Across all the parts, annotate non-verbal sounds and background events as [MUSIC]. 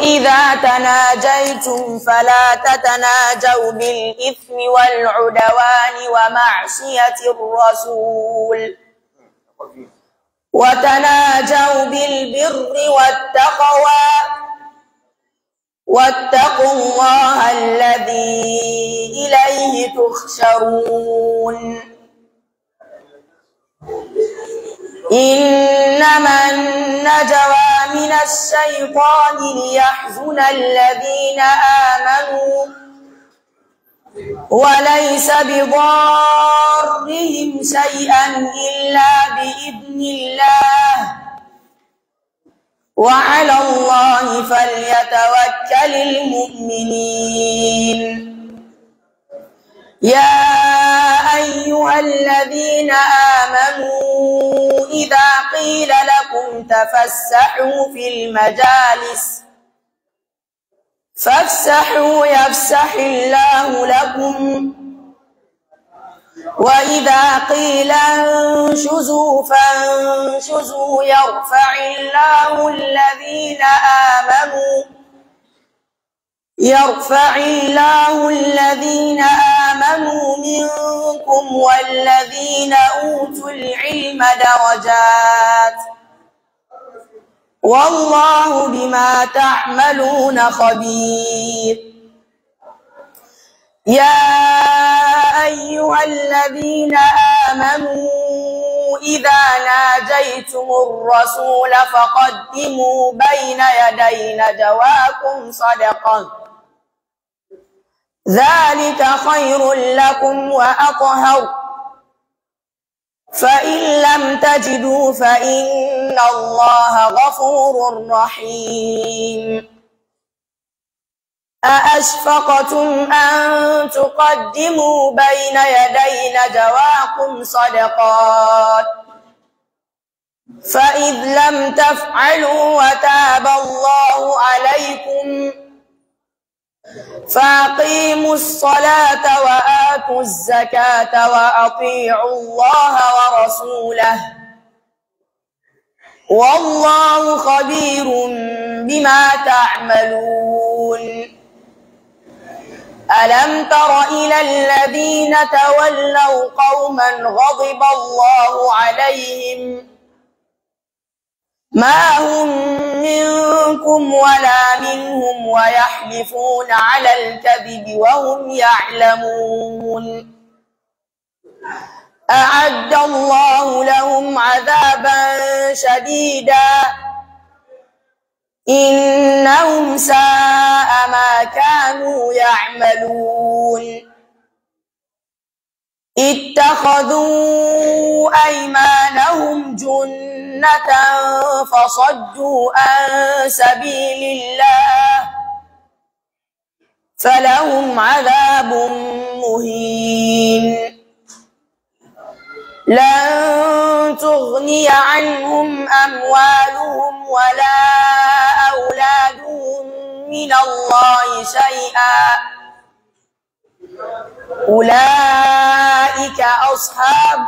إذا تناجيتم فلا تتناجوا بالإثم والعدوان ومعصية الرسول وتناجوا بالبر والتقوى واتقوا الله الذي إليه تخشرون إنما النجوى من الشيطان ليحزن الذين آمنوا وليس بضارهم شيئا إلا بإذن الله وعلى الله فليتوكل المؤمنين يا أيها الذين آمنوا إذا قيل لكم تفسحوا في المجالس فافسحوا يفسح الله لكم وإذا قيل انشزوا فانشزوا يرفع الله الذين آمنوا يرفع الله الذين آمنوا منكم والذين أوتوا العلم درجات والله بما تعملون خبير يا أيها الذين آمنوا إذا ناجيتم الرسول فقدموا بين يدي نجواكم صدقاً ذلك خير لكم وأطهر فإن لم تجدوا فإن الله غفور رحيم أأشفقتم أن تقدموا بين يدي نجواكم صدقات فإذ لم تفعلوا وتاب الله عليكم فاقيموا الصلاة وآتوا الزكاة وأطيعوا الله ورسوله والله خبير بما تعملون ألم تر إلى الذين تولوا قوما غضب الله عليهم ما هم منكم ولا منهم ويحلفون على الكذب وهم يعلمون أعد الله لهم عذابا شديدا إنهم ساء ما كانوا يعملون اتخذوا أيمانهم جنة فصدوا عن سبيل الله فلهم عذاب مهين لن تغني عنهم أموالهم ولا أولادهم من الله شيئا أولئك أصحاب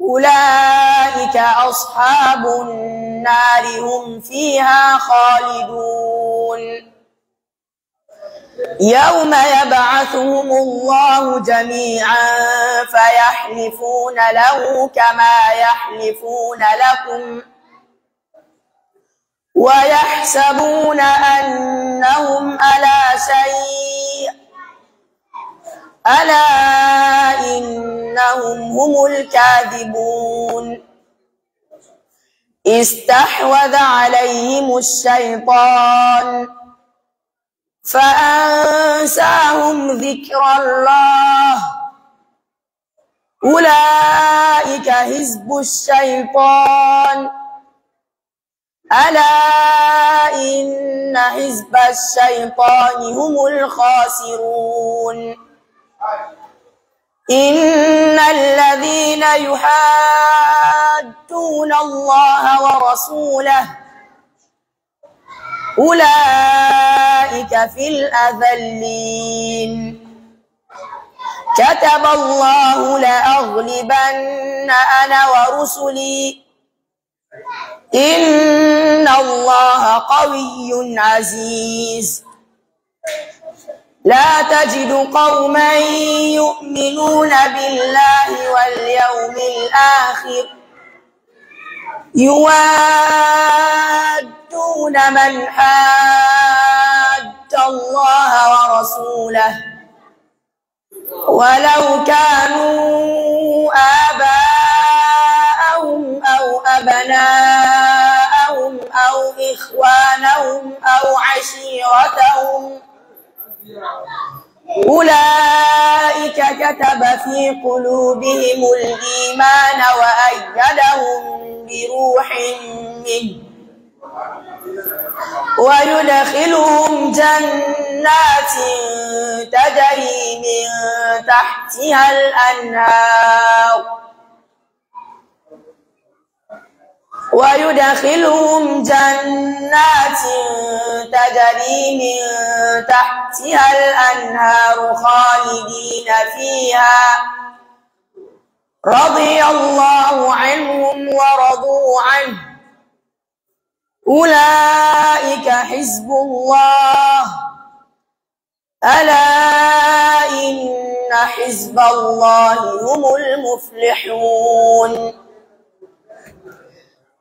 أولئك أصحاب النار هم فيها خالدون يوم يبعثهم الله جميعا فيحلفون له كما يحلفون لكم ويحسبون أنهم على شيء ألا إنهم هم الكاذبون استحوذ عليهم الشيطان فأنساهم ذكر الله أولئك حزب الشيطان ألا إن حزب الشيطان هم الخاسرون إن الذين يحادون الله ورسوله أولئك في الأذلين كتب الله لأغلبن أنا ورسلي إن الله قوي عزيز لا تجد قوما يؤمنون بالله واليوم الآخر يوادون من حد الله ورسوله ولو كانوا آباءهم أو أبناءهم أو إخوانهم أو عشيرتهم أولئك كتب في قلوبهم الإيمان وأيدهم بروح منه ويدخلهم جنات تجري من تحتها الأنهار ويدخلهم جنات تجري من تحتها الأنهار خالدين فيها رضي الله عنهم ورضوا عنه أولئك حزب الله ألا إن حزب الله هم المفلحون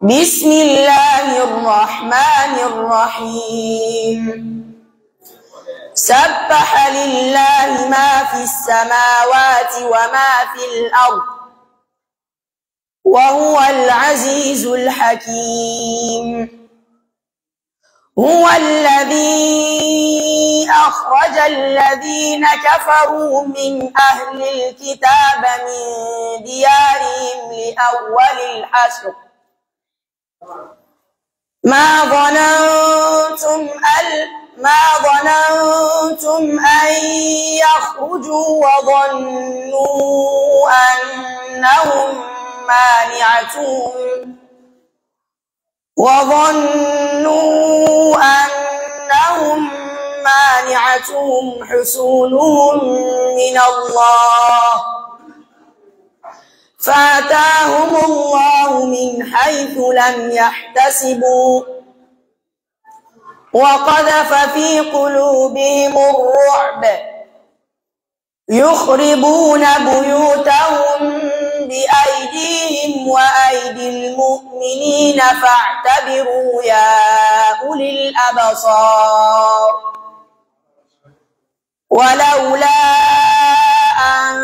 بسم الله الرحمن الرحيم سبح لله ما في السماوات وما في الأرض وهو العزيز الحكيم هو الذي أخرج الذين كفروا من أهل الكتاب من ديارهم لأول الحشر ما ظننتم أل ما ظننتم أن يخرجوا وظنوا أنهم مانعتهم وظنوا أنهم مانعتهم حصولهم من الله فأتاهم الله من حيث لم يحتسبوا وقذف في قلوبهم الرعب يخربون بيوتهم بأيديهم وأيدي المؤمنين فاعتبروا يا أولي الأبصار ولولا أن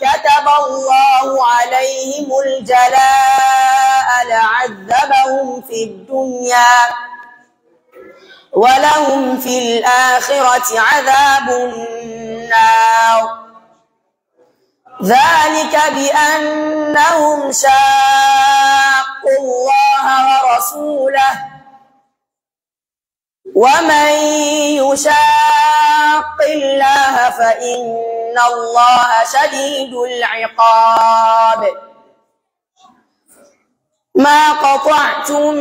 كتب الله عليهم الجلاء لعذبهم في الدنيا ولهم في الآخرة عذاب النار ذلك بأنهم شاقوا الله ورسوله ومن يشاق الله فإن الله شديد العقاب ما قطعتم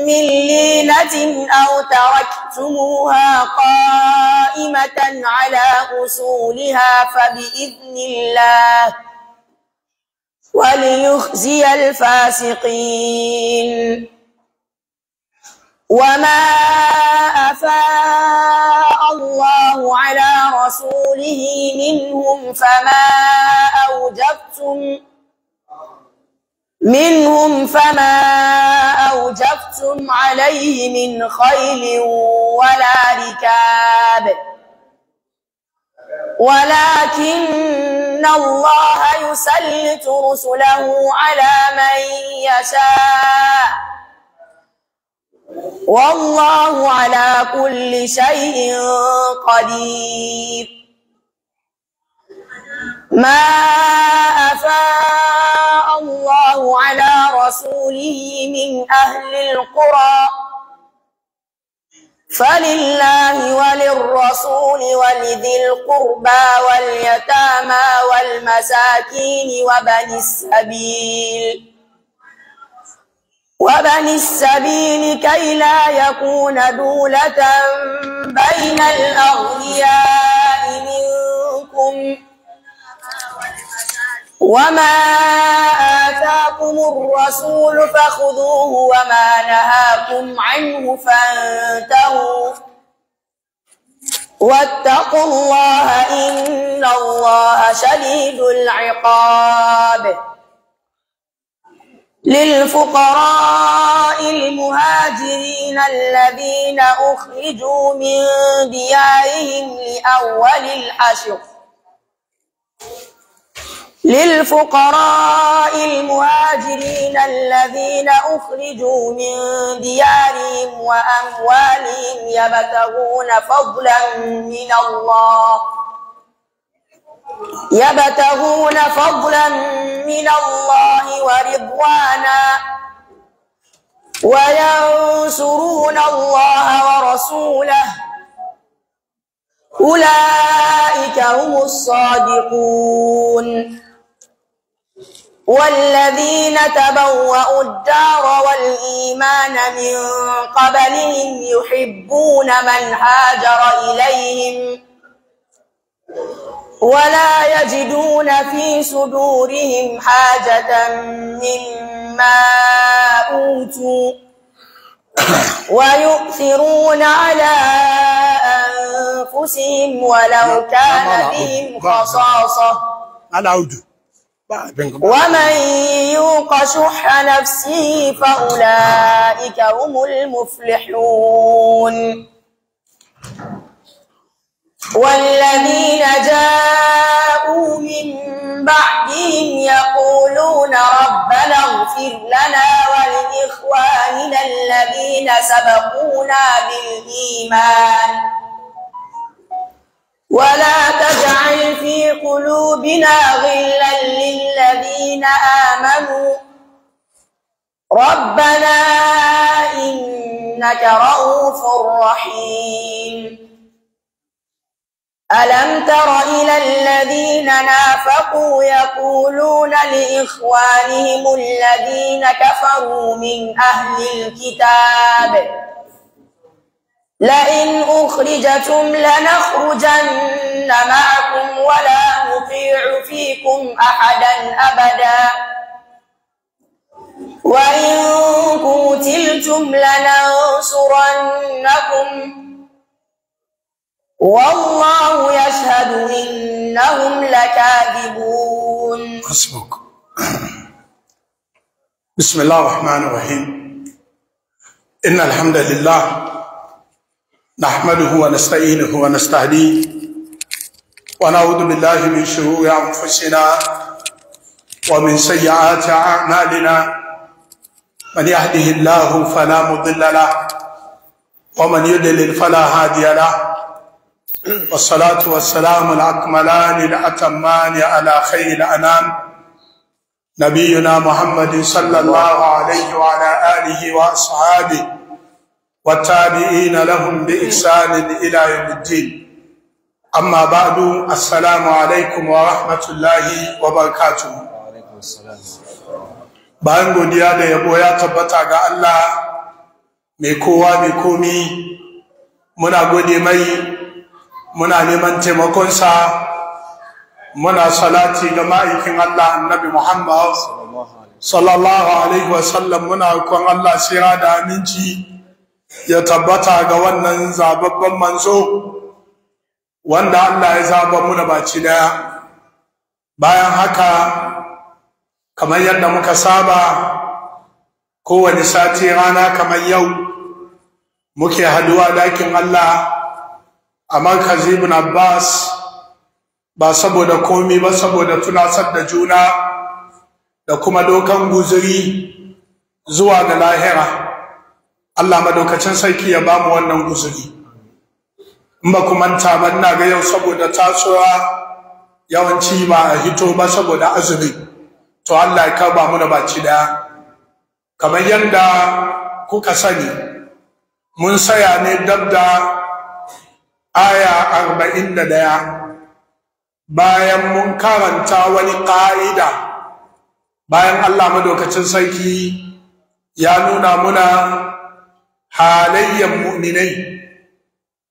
من لينة أو تركتموها قائمة على أصولها فبإذن الله وليخزي الفاسقين وما أفاء الله على رسوله منهم فما أوجبتم منهم فما أوجبتم عليه من خيل ولا ركاب ولكن الله يسلط رسله على من يشاء والله على كل شيء قدير ما أفاء الله على رسوله من أهل القرى فلله وللرسول ولذي القربى واليتامى والمساكين وبني السبيل وبني السبيل كي لا يكون دولة بين الأغنياء منكم وما آتاكم الرسول فخذوه وما نهاكم عنه فانتهوا واتقوا الله إن الله شديد العقاب للفقراء المهاجرين الذين أخرجوا من ديارهم لأول الحشر للفقراء المهاجرين الذين أخرجوا من ديارهم وأموالهم يبتغون فضلا من الله يبتغون فضلا من الله ورضوانا وينصرون الله ورسوله أولئك هم الصادقون والذين تبوأوا الدار والإيمان من قبلهم يحبون من هاجر إليهم ولا يجدون في صدورهم حاجة مما أوتوا ويؤثرون على أنفسهم ولو كان بهم خصاصة ومن يوق شح نفسه فأولئك هم المفلحون والذين جاءوا من بعدهم يقولون ربنا اغفر لنا ولإخواننا الذين سبقونا بالإيمان ولا تجعل في قلوبنا غلا للذين آمنوا ربنا إنك رؤوف رحيم ألم تر إلى الذين نافقوا يقولون لإخوانهم الذين كفروا من أهل الكتاب لئن أخرجتم لنخرجن معكم ولا نطيع فيكم أحدا أبدا وإن قتلتم لننصرنكم والله يشهد إنهم لكاذبون حسبك بسم الله الرحمن الرحيم إن الحمد لله نحمده ونستعينه ونستهديه ونعوذ بالله من شرور أنفسنا ومن سيئات أعمالنا من يهده الله فلا مضل له ومن يضلل فلا هادي له والصلاة والسلام الأكملان الأتمان على خير الأنام نبينا محمد صلى الله عليه وعلى آله وأصحابه والتابعين لهم بإحسان إلى يوم الدين أما بعد السلام عليكم ورحمة الله وبركاته bayan godiya da yabo ya tabbata ga Allah mai kowa mai komi muna gode mai muna neman taimakonsa muna salati ga ma'aikin Allah annabi Muhammad sallallahu alaihi wasallam muna kon Allah sira da aminci ya tabbata ga wannan zababban manzo wanda Allah ya zaba mu da baci daya bayan haka kamar yadda muka saba kowane sati rana kamar yau muke haduwa dakin Allah Aman, kazi ibn abbas ba saboda komi ba saboda tunasar da juna da kuma dokan guzuri zuwa ga lahira Allah madaukacin sarki ya bamu wannan guzuri in ba kuma manta ba ina ga yau saboda tasowa yawanci ba a hito ba saboda azumi to Allah ya kaba mu da baci daya kamar yadda kuka sani mun saya ne dabda aya ɗaya. bayan mun karanta wani ƙa'ida bayan Allah madaukacin sarki ya nuna muna halayyar mu'minai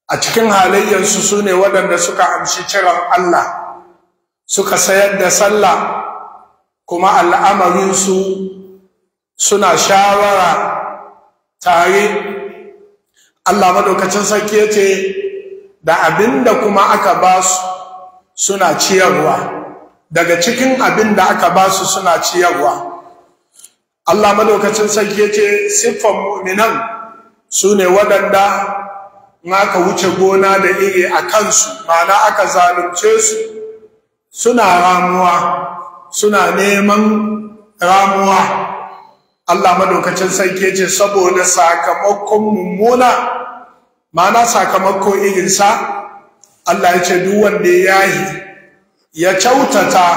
a cikin halayyarsu su ne waɗanda suka amshi ciran Allah suka sayar da sallah kuma al'amarinsu suna shawara tare Allah madaukacin sarki ya ce da abin da kuma aka ba su suna ciyarwa daga cikin abin da aka ba su suna ciyarwa Allah madaukacin sarki yace siffan mu'minan su ne waɗanda aka wuce gona da iri a kansu ma'ana aka zalunce su suna ramuwa suna neman ramuwa Allah madaukacin sarki yace saboda sakamakon mummuna ma'ana sakamako irinsa Allah ya ce duk wanda ya yi ya kyautata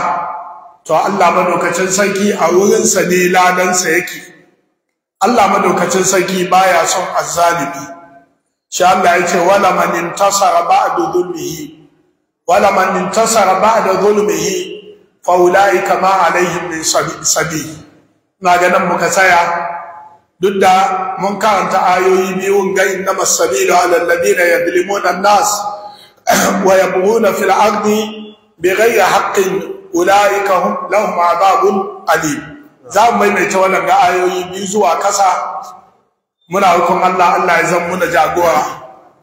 to Allah madaukacin sarki a wurinsa ne ladansa yake Allah madaukacin sarki baya son azzalimi shi Allah ya ce wala man intasara ba'da dhulmihi wala man intasara ba'da dhulmihi fa ulaika ma alaihim min sabi na ga nan muka tsaya duk da mun karanta ayoyi biyun ga inna masabilu ala na yadlimuna an-nas [CLEARS THROAT] wa yabghuna fil ardi bighayri haqqin ulaika hum lahum adabun alim za mu maimaita wannan ga ayoyi biyu zuwa kasa muna hukun Allah Allah ya zan muna jagora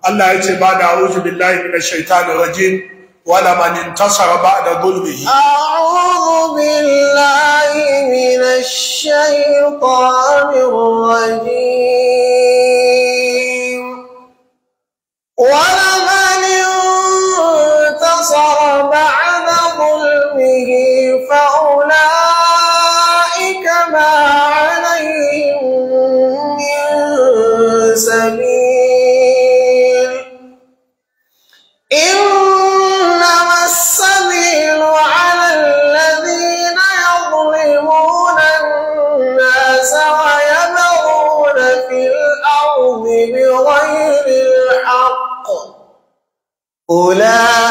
Allah ya ce ba da a'udhu billahi minash shaitanir rajim ولمن انتصر بعد ظلمه أعوذ بالله من الشيطان الرجيم ولمن أولئك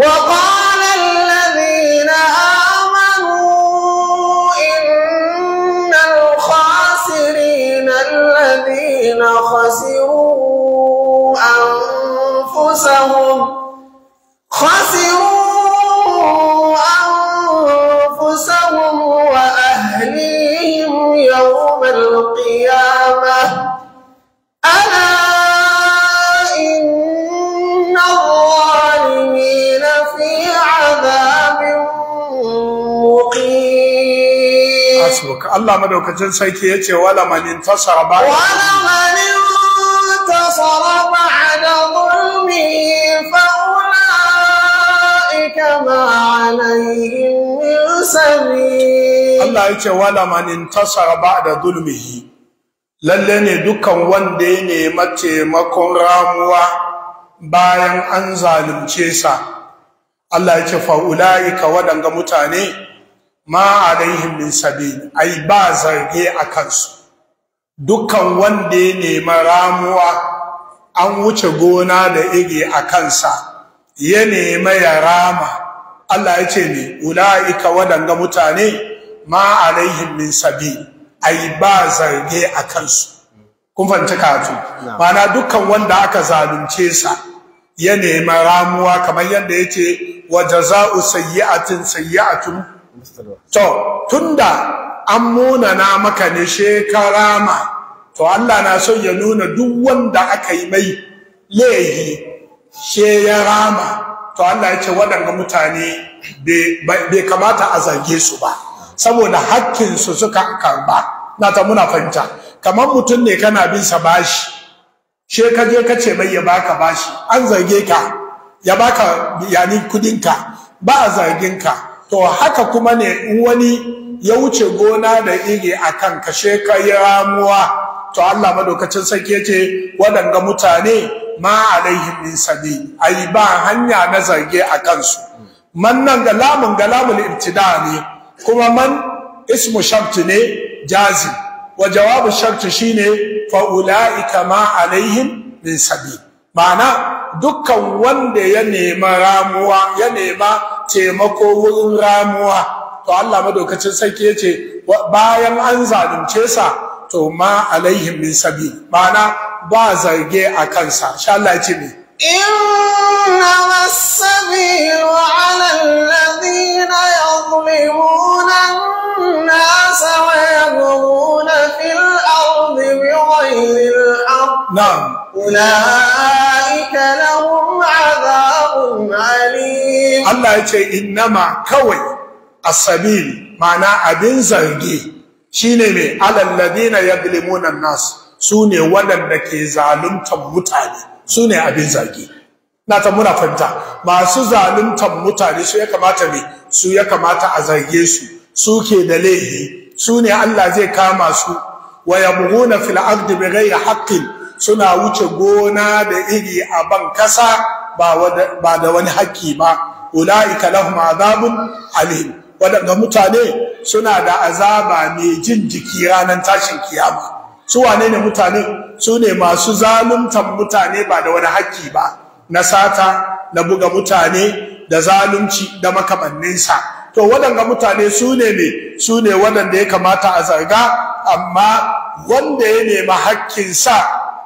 waa Allah madaukacin sarki yace wala man intasara ba wala man intasara ba'da dhulmihi fa ulaika ma alaihim Allah ce wala man intasara ba'da dhulmihi lalle ne dukkan wanda ya nemi taimakon ramuwa bayan an zalunce sa Allah ce fa ulaika wadanga mutane ma alaihim min sabil yi ba zarge a kansu dukkan wanda ya nemi ramuwa an wuce gona da iri a kansa ya nemi ya rama Allah ya ce ne ula'ika waɗanga mutane ma alaihim min sabil yi ba zarge a kansu kun fahimci katu mana dukkan wanda aka zalunce sa ya nemi ramuwa kamar yadda yake wa jaza'u sayyi'atin sayyi'atun to tunda an munana maka ne shekara ma to Allah na son ya nuna duk wanda aka yi mai lehi she ya rama to Allah ya ce waɗanga mutane bai kamata a zarge su ba saboda hakkinsu suka karba na ta muna fahimta kamar mutum ne kana bin sa bashi she ka je ka ce mai ya baka bashi an zage ka ya baka yani kudinka ba a zargin ka to haka kuma ne in wani ya wuce gona da iri akan kashe kai ramuwa to Allah madaukacin sarki yace wadanga mutane ma alaihim min sabi ai ba hanya na zage a kansu. man nan ga lamun ga lamul ibtida ne kuma man ismu shart ne jazi wa jawabu shart shine fa ulaika ma alaihim min sabi ma'ana dukkan wanda ya nema ramuwa ya nema taimako wurin ramuwa to Allah madaukacin sarki yace bayan an zalunce sa to ma alaihim min sabil ma'ana ba zarge a kansa insha Allah yace me إنما السبيل على الذين يظلمون الناس ويبغون في الأرض بغير الحق نعم أولئك لهم عذاب Allah ya ce yace innama kawai asabil mana abin zargi shine me alal ladina yadlimuna nas sune wadanda ke zaluntar mutane sune abin zargi na ta muna fanta masu zaluntar mutane su ya kamata me su ya kamata a zarge su suke da laifi sune Allah zai kama su wa yabghuna fil ardi bighayri haqqin suna wuce gona da iri a ban kasa ba da wani haƙƙi ba ula'ika lahum azabun alim waɗanda mutane suna da azaba mai jin jiki ranar tashin kiyama su wane ne mutane su ne masu zaluntan mutane ba da wani haƙƙi ba na sata na buga mutane da zalunci da makamanninsa to wadanda mutane su ne ne su ne waɗanda ya kamata a zarga amma wanda ya nema haƙƙinsa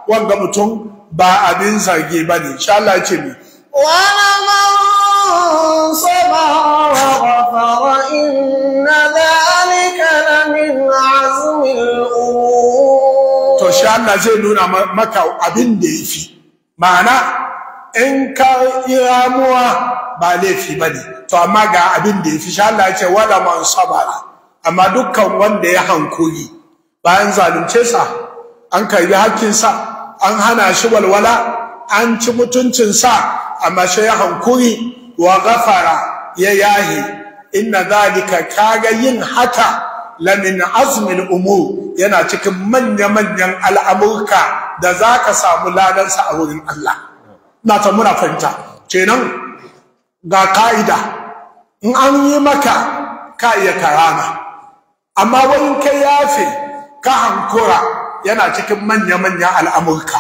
wanga mutum ba abin zage ba ne insha Allah ce mi ولمن صبر وغفر إن ذلك لمن عزم الأمور to sha zai nuna maka abin da yafi ma'ana in ka yi ramuwa ba laifi ba ne. to amma ga abin da yafi sha Allah ce wala man sabara amma dukkan wanda ya hankuri bayan zalunce sa an karbi hakkin sa an hana shi walwala an ci mutuncinsa amma shi ya hankuri wa ghafara ya yahi inna zalika kaga yin haka lamin Azmil umur yana cikin manya-manyan al'amurka da za ka samu ladansa a wurin Allah na ta muna fahimta kenan ga ka'ida in an yi maka ka iya karama amma wani ka yafe ka hankura yana cikin manya manya al'amurka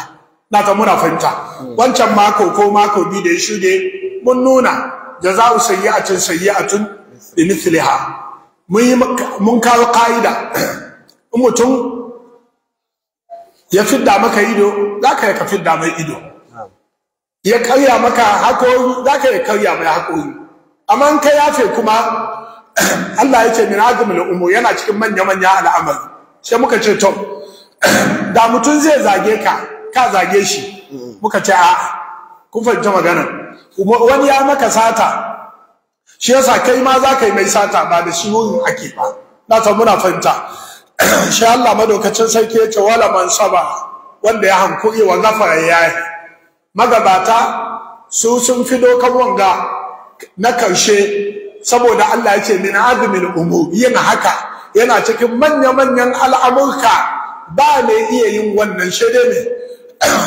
na ta muna fahimta wancan mako ko mako biyu da ya shuɗe mun nuna da za sayi a tun da mithliha mun mun kawo ka'ida in mutum ya fidda maka ido Za ka ya ka fidda mai ido ya karya maka hakori ka ya karya mai hakori amma in ka yafe kuma Allah ya ce min azmul umur yana cikin manya manya al'amari sai muka ce to [COUGHS] da mutum zai zage ka ka zage shi muka ce a'a kun fahimta magana wani ya maka sata shi yasa kai ma za ka yi mai sata ba da shi wurin ake ba na san muna fahimta [COUGHS] shi Allah madaukacin sarki ya ce wala man saba wanda ya hankuri wa gafara yi. magabata su sun fi dokan wanga na karshe saboda Allah ya ce min azumin umu yin haka yana cikin manya-manyan al'amurka ba mai iya yin wannan shede ne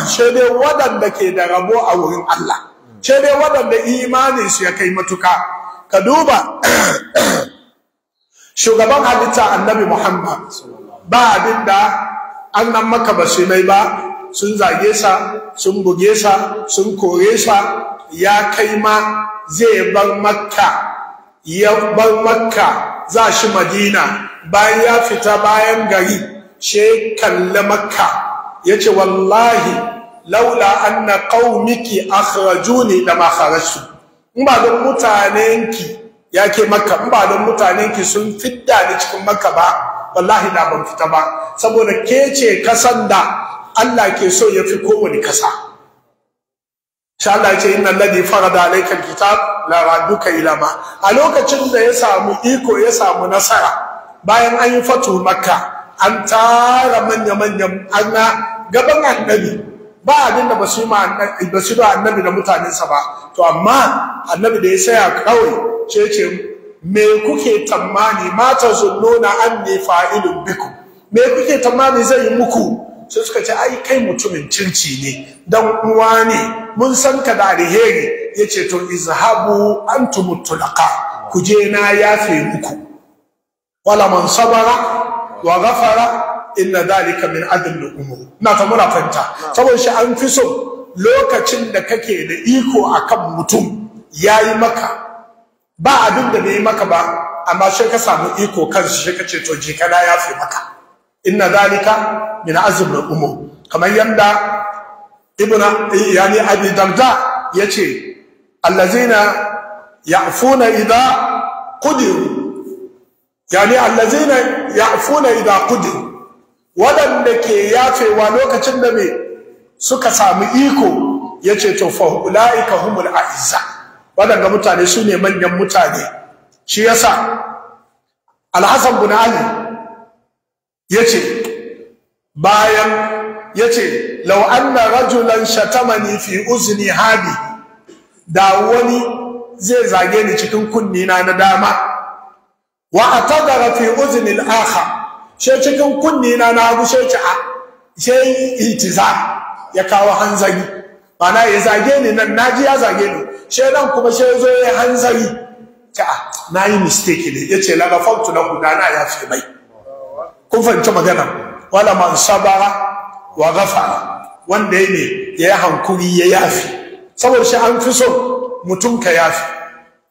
shede waɗanda ke da rabo a wurin Allah shede waɗanda imanin su ya kai matuka ka duba [CLEARS THROAT] shugaban hadita annabi Muhammad ba abinda nan maka basu mai ba sun zage sa sun buge sa sun kore sa ya kai ma zai bar makka ya bar makka za shi madina bayan ya fita bayan gari ce kalla makka yace wallahi laula anna qaumiki akhrajuni ma kharajtu in ba don mutanenki yake makka in ba don mutanenki sun fidda ni cikin makka ba wallahi na ban fita ba saboda ke ce kasan da Allah ke so ya fi kowane kasa sha Allah ya ce inna alladhi farada alayka alkitab la raduka ila ma a lokacin da ya samu iko ya samu nasara bayan an yi fatu makka an tara manya-manyan ana gaban annabi ba abin da ba su da annabi da mutanensa ba to amma annabi da ya saya kawai ce ce me kuke tamani mata nuna an ne fa'ilun biku me kuke tamani zai yi muku sai suka ce ai kai mutumin circi ne dan uwa ne mun san ka da alheri yace to izhabu antum tulaqa kuje na yafe muku wala man sabara wa ghafara inna dhalika min adl al-umur na ta muna fanta saboda shi an fi so lokacin da kake da iko akan mutum yayi maka ba abin da bai maka ba amma sai ka samu iko kansu sai ka ce to jikana ya fi maka inna dhalika min azm al-umur kamar yanda ibn yani abi darda yace allazina ya'funa idha qudiru yani allazina ya'funa idha qudir wadanda ke yafewa lokacin da me suka samu iko yace to fa ulaika humul a'izza wadanda mutane su ne manyan mutane shi yasa alhasan bin ali yace bayan yace law anna rajulan shatamani fi uzni hadi da wani zai zage ni cikin kunni na na dama wa atadara fi uzni al-akha she cikin kunni na na gushe she a she intiza ya kawo hanzari mana ya zage ni nan naji ya zage ni she dan kuma she zo ya hanzari ta na yi mistake ne yace la na ku dana ya fi mai kun fahimci magana wala man sabara wa ghafara wanda ya ne ya hankuri ya yafi saboda shi an fi so mutum ka yafi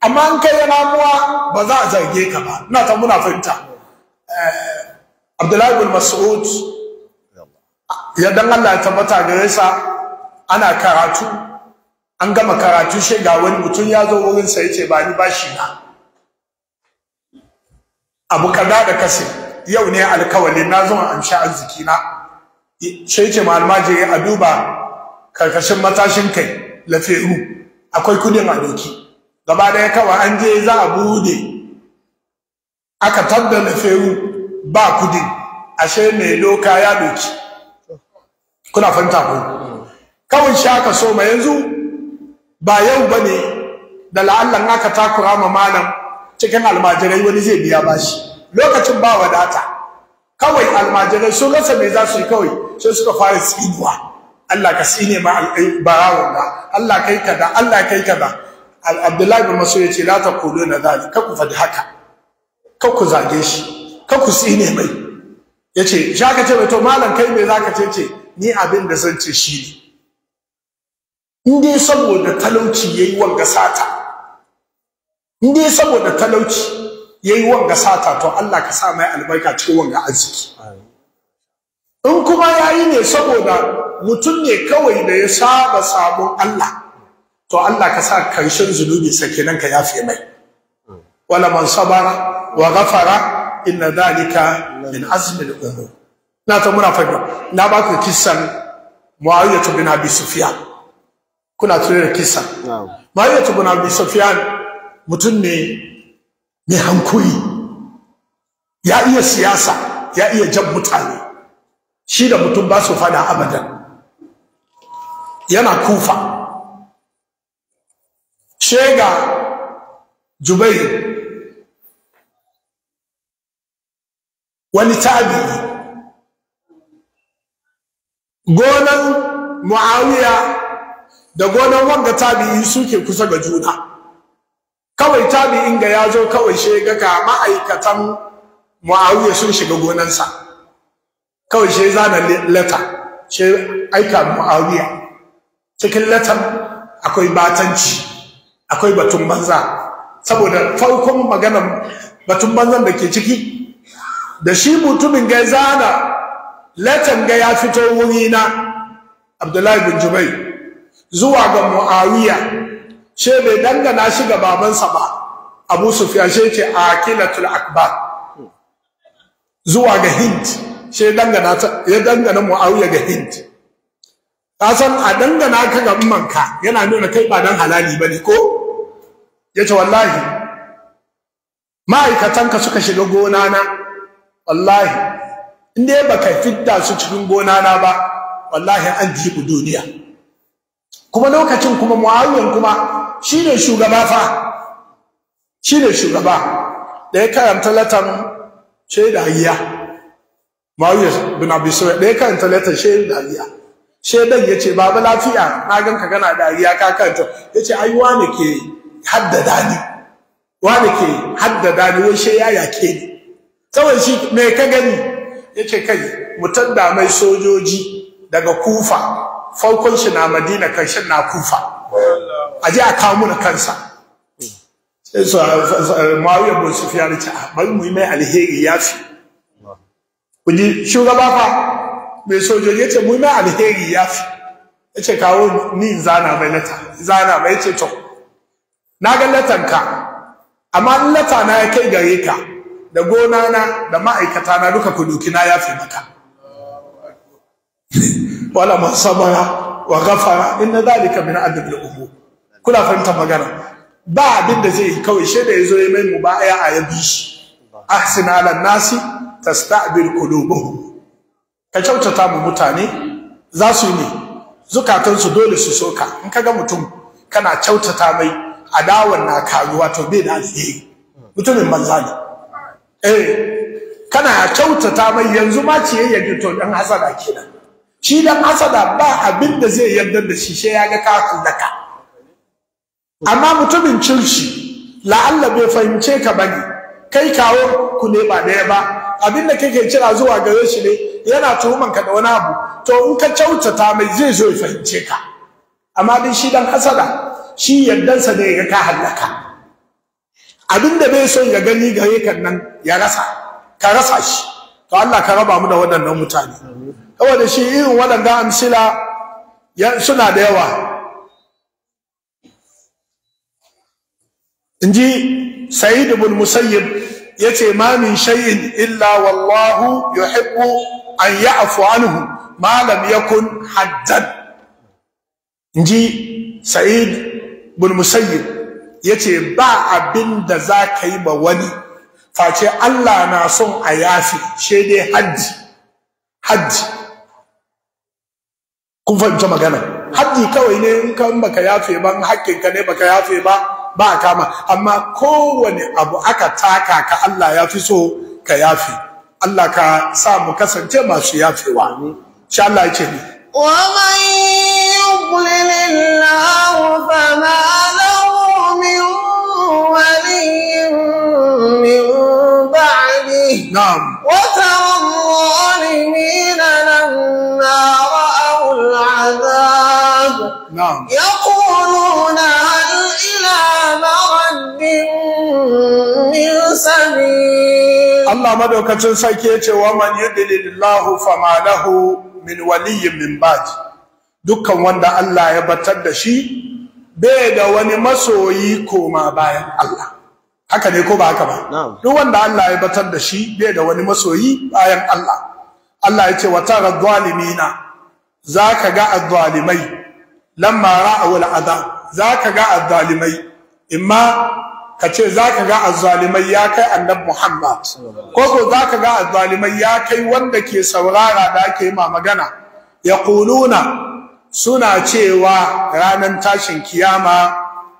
amma an kai yana muwa ba za a zarge ka ba ina ta muna fahimta eh, Abdullahi bin Mas'ud ya dan Allah ya tabbata gare sa ana karatu an gama karatu shi ga wani mutum ya zo wurin sa yace ba ni bashi na abu kaza da kase yau ne alkawali na zo an sha arziki na shi yace malmaje a duba karkashin matashin kai lafi'u akwai kudin a doki gaba ɗaya kawai an je za a bude aka tabbana feru ba kudi ashe mai loka ya doki kuna fanta ku kawai shi aka so ma yanzu ba yau ba ne da la'allan aka takura ma malam cikin almajirai wani zai biya ba shi. lokacin ba wadata kawai almajirai sun rasa mai za su yi kawai sai suka fara tsinuwa Allah ka sine ma ba. Allah kai kada Allah kai kada abdullahi bin masu ya ce la ta kolo na zali ka fadi haka ka zage shi ka ku mai ya ce sha ka ce to malam kai me za ka ce ce ni abin da zan ce shi ne in dai saboda talauci ya yi wanga sata in saboda talauci ya wanga sata to allah ka sa mai albarka cikin wanga arziki in kuma ya yi ne saboda mutum ne kawai da ya saba sabon allah to Allah ka sa karshen zunubi sake nan ka yafe mai wala man sabara wa ghafara inna dhalika min azmi al-umur na ta muna fadi na baka kissan Muawiya bin Abi Sufyan kuna tare da kisa. Muawiya bin Abi Sufyan mutum ne mai hankuri ya iya siyasa ya iya jan mutane shi da mutum ba su fada abadan yana kufa shega jubair wani tabi'i gonan muawiya da gonan wanga tabi'i suke kusa ga juna kawai tabi'in ga ya zo kawai shega ka ma'aikatan muawiya sun shiga gonansa kawai shi zana leta shi aika muawiya cikin letan akwai batanci akwai batun banza saboda farkon maganar batun banzan da ke ciki da shi mutumin ga zana latan ga ya fito wuri na abdullahi bin jubai zuwa ga mu'awiya ce bai dangana shi ga babansa ba abu sufiya ce ce akilatul akbar zuwa ga hind ce dangana ya dangana mu'awiya ga Hindi. ka san a dangana ka ga ummanka yana nuna kai ba dan halali bane ko yace wallahi ka suka shiga gona na wallahi inda ba ka fitta su cikin gona na ba wallahi an ji ku duniya kuma lokacin kuma muawiyan kuma shine shugaba fa shine shugaba da ya karanta latan shaida ayya muawiya bin abi sufyan da ya karanta latan shaida ayya shedan ya ce babu lafiya na ganka kana dariya ka kanta ya ce ai wane ke haddada ni wane ke haddada ni wai ya yake ni kawai shi me ka gani ya ce kai mutan da mai sojoji daga kufa farkon shi na madina karshen na kufa a ji a kawo da kansa sai su mawuyar bin ce ah, bari mu yi mai alheri ya fi kuji shugaba fa mai sojoji ya ce mu ma alheri ya fi ya ce kawo ni zana mai lata zana mai ce to na ga latanka amma in lata na ya kai gare ka da gona na da ma'aikata na duka kuduki na ya fi maka [LAUGHS] wala man samara wa ghafara inna dhalika min adab al-umur kula fahimta magana ba abin da zai kawai shi da zo ya mai mubaya a yabi shi nasi tasta'bil qulubuhum ka kyautata mu mutane za su ne zukatansu dole su soka in ka ga mutum kana kyautata mai adawar na karuwa to bai da alheri mutumin banza ne eh kana kyautata mai yanzu ma ciyayya ne to dan hasada kenan shi dan hasada ba abin da zai yarda da shi sai ya ga ka kullaka amma mutumin shi, la'alla bai fahimce ka bane kai kawo ku ne ba daya ba abin da kake kira zuwa gare shi ne yana tuhuman ka da wani abu to in ka kyautata mai zai zo ya fahimce ka amma din shi dan hasada shi sa ne ya ka hallaka abin da bai so ya gani gare kan nan ya rasa ka rasa shi to Allah ka raba mu da waɗannan mutane kawai da shi irin waɗanda amsila suna da yawa in ji sa'id ibn musayyib yace ma min shay'in illa wallahu yuhibbu an ya'fu anhu malam ya yakun haddan inji sa'id bin ya yace ba abin da zaka yi ba wani face Allah na son a yafi she dai haji haji kun fahimta magana hajji kawai ne in kan baka yafe ba in haƙƙinka ne baka yafe ba ba kama amma kowane abu aka taka ka Allah ya fi so ka yafi Allah ka sa mu kasance masu yafewa insha Allah yake ni wa man yudlilillahu fama lahu min waliyyin min ba'di na'am wa tawallamin lamma ra'aw al'adab na'am yaquluna مرد من سبيل الله مدوكتن سكيتي ومن يدلل الله فما له min waliyin min baji dukkan wanda Allah ya batar da shi bai da wani masoyi koma bayan Allah haka ne ko ba haka ba duk wanda Allah ya batar da shi bai da wani masoyi bayan Allah Allah ya ce wa tara zalimina zaka ga azzalimai lamma ra'awul adab zaka ga azzalimai imma ka ce za ka ga azzalimai ya kai annab muhammad ko ko za ka ga azzalimai ya kai wanda ke saurara da ake ma magana ya suna cewa ranar tashin kiyama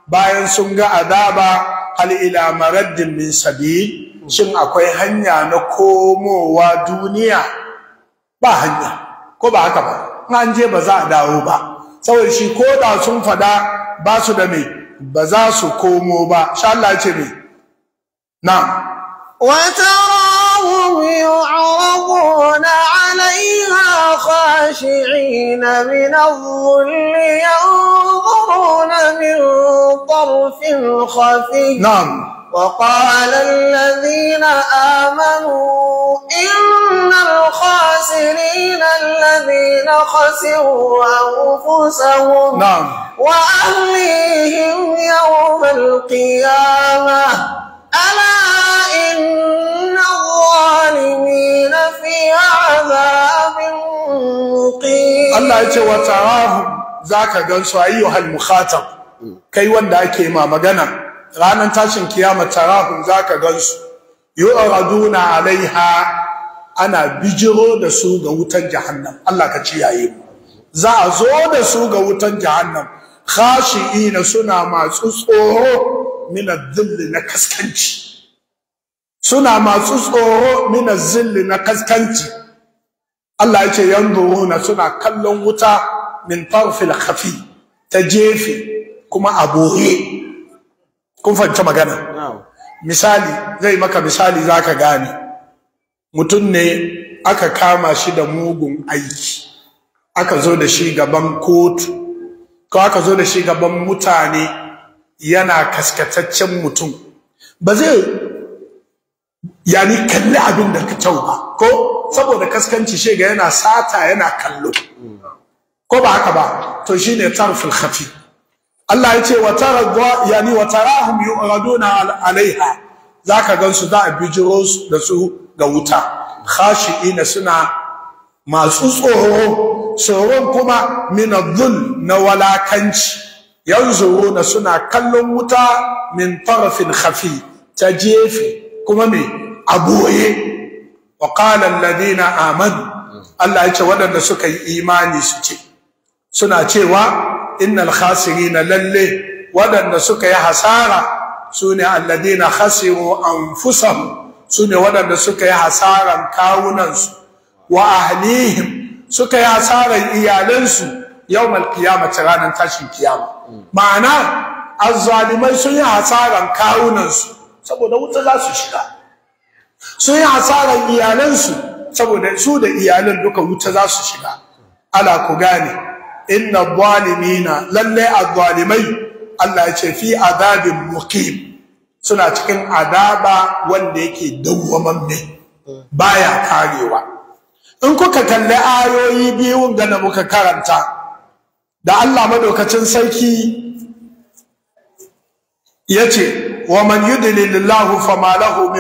bayan sun ga adaba, hal ila maraddin min sabi shin akwai hanya na komowa duniya ba hanya ko ba haka ba an je ba za a dawo ba saboda shi ko da sun fada ba su da mai ba za su komo ba sha Allah ce mai, na وتراهم يعرضون عليها خاشعين من الظل ينظرون من طرف خفي نعم وقال الذين آمنوا إن الخاسرين الذين خسروا أنفسهم نعم وأهليهم يوم القيامة ألا إن الظالمين في عذاب مقيم الله يتوى تراهم ذاك قنسوا أيها المخاطب كي وندا كيما مغنى ranar tashin kiyama tarahun zaka gansu yu'raduna alaiha ana bijiro dasu su ga wutan jahannam Allah ka ciyaye mu za zo da su ga wutan jahannam khashi'ina suna masu tsoro min adh na kaskanci suna masu tsoro min adh na kaskanci Allah yace yanzuruna suna kallon wuta min tarfil khafi ta jefe kuma a kun fahimci magana misali zai maka misali zaka gane mutum ne aka kama shi da mugun aiki aka zo da shi gaban kotu ko aka zo da shi gaban mutane yana kaskataccen mutum ba zai yani kalli abin da ka kyau ba ko saboda kaskanci shi ga yana sata yana kallo ko ba haka ba to ne tarfin khafi Allah ya ce wa tara yani wa yu'raduna alaiha zaka gansu za a bijiro su da su ga wuta khashi'ina suna masu tsoro tsoron kuma minadhul na walakanci na suna kallon wuta min farafin khafi ta jefe kuma me a boye wa qala alladhina amanu Allah ya ce waɗanda suka yi imani su ce suna cewa innal khasirina lalle waɗanda suka yi hasara su ne alladina khasiru anfusahum su ne waɗanda suka yi hasaran kawunansu wa ahlihim suka yi asarar iyalansu yau qiyamati ranar tashin kiyama ma'ana azzalimai sun yi asarar kawunansu saboda wuta za su shiga sun yi asarar iyalansu saboda su da iyalin duka wuta za su shiga ala ku gane inna zalimina lallai azzalimai Allah ya ce fi azabin muqim suna cikin adaba wanda yake dawwamamme baya karewa in kuka kalli ayoyi biyun da na muka karanta da Allah madaukacin sarki yace wa man yudlilillahu fama lahu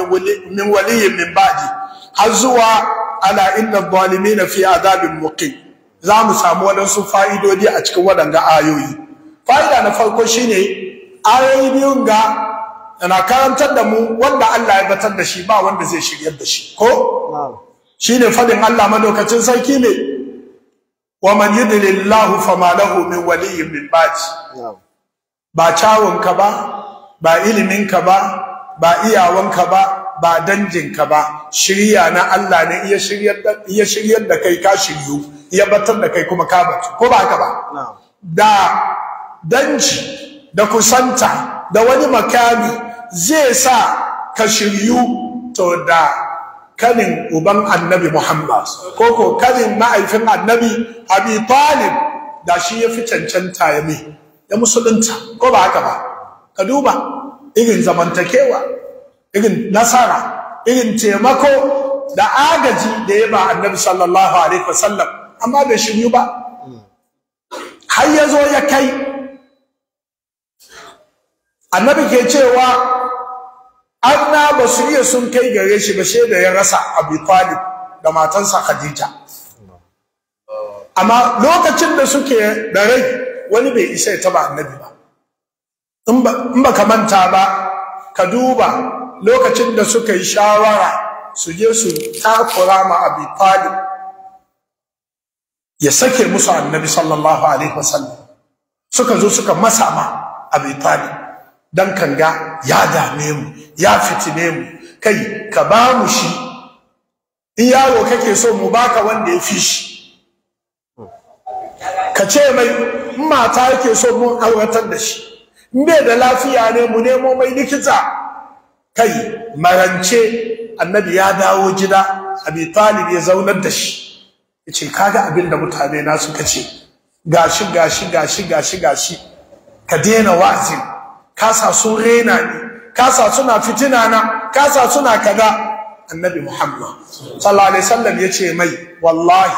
min waliyyin min ba'di har zuwa ala inna adh-dhalimina fi adhabin muqim za mu samu wadansu fa'idodi a cikin waɗanda ayoyi fa'ida na farko shine ayoyi biyun ga yana karantar da mu wanda Allah ya batar da shi ba wanda zai shiryar da shi ko shine fadin Allah madaukacin sarki ne wa man yudlilillahu fama lahu min waliyyin min ba'di ba cawonka ba ba iliminka ba ba iyawanka ba ba danjinka ba shirya na Allah ne iya shiryar da kai ka shiryu iya batar da kai kuma ka batu ko ba ka ba da danji da kusanta da wani makami zai sa ka shiryu to da kanin uban annabi Muhammad ko ko kanin ma'aifin annabi Abi Talib da shi ya fi cancanta ya mai ya musulunta ko ba haka ba ka duba irin zamantakewa irin nasara irin taimako da agaji da ya ba annabi sallallahu alaihi wasallam amma bai shiryu ba har ya zo ya kai annabi ke cewa arna ba su iya sun kai gare shi ba sai da ya rasa abu talib da matansa khadija amma lokacin da suke da rai wani bai isa ya taba annabi ba in ba ka manta ba ka duba lokacin da suka yi shawara su je su takura ma abu talib ya sake musu annabi sallallahu alaihi wasallam suka zo suka masa ma abu talib dan kanga ya dame mu ya fitine mu kai ka ba mu shi in yawo kake so mu baka wanda ya fi shi ka ce mai mata yake so mun auratar da shi in bai da lafiya ne mu nemo mai likita kai marance annabi ya dawo gida abi talib ya zaunar da shi ce kaga abin da mutane na suka ce gashi gashi gashi gashi gashi ka daina wa'azin Kasa sun rena ne. kasa suna fitina na kasa suna kaza annabi muhammad sallallahu alaihi wasallam yace mai wallahi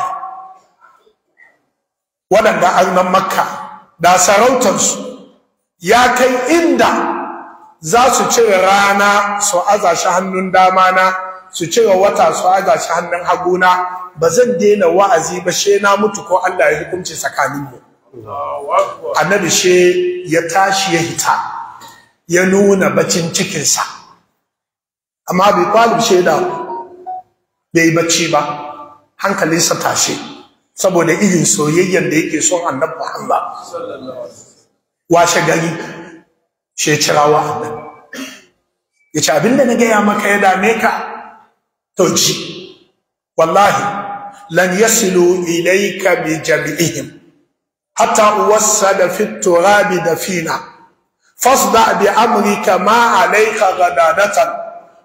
wadanda arnan makka da sarautar su ya kai inda za su cire rana su aza hannun dama na su cire wata su aza shi hannun haguna ba zan daina wa'azi ba she na mutu ko Allah ya hukunci tsakaninmu annabi she ya tashi ya hita ya nuna bacin cikinsa amma bai talib shaida bai bacci ba hankalinsa tashe saboda irin soyayyar da yake son annabi Muhammad washe gari she cirawa Ya ce abinda na gaya maka ya dame ka to ji wallahi lan yasilu ilayka bi jami'ihim hatta uwassada fi turabi dafina fasda bi amrika ma alayka gadadatan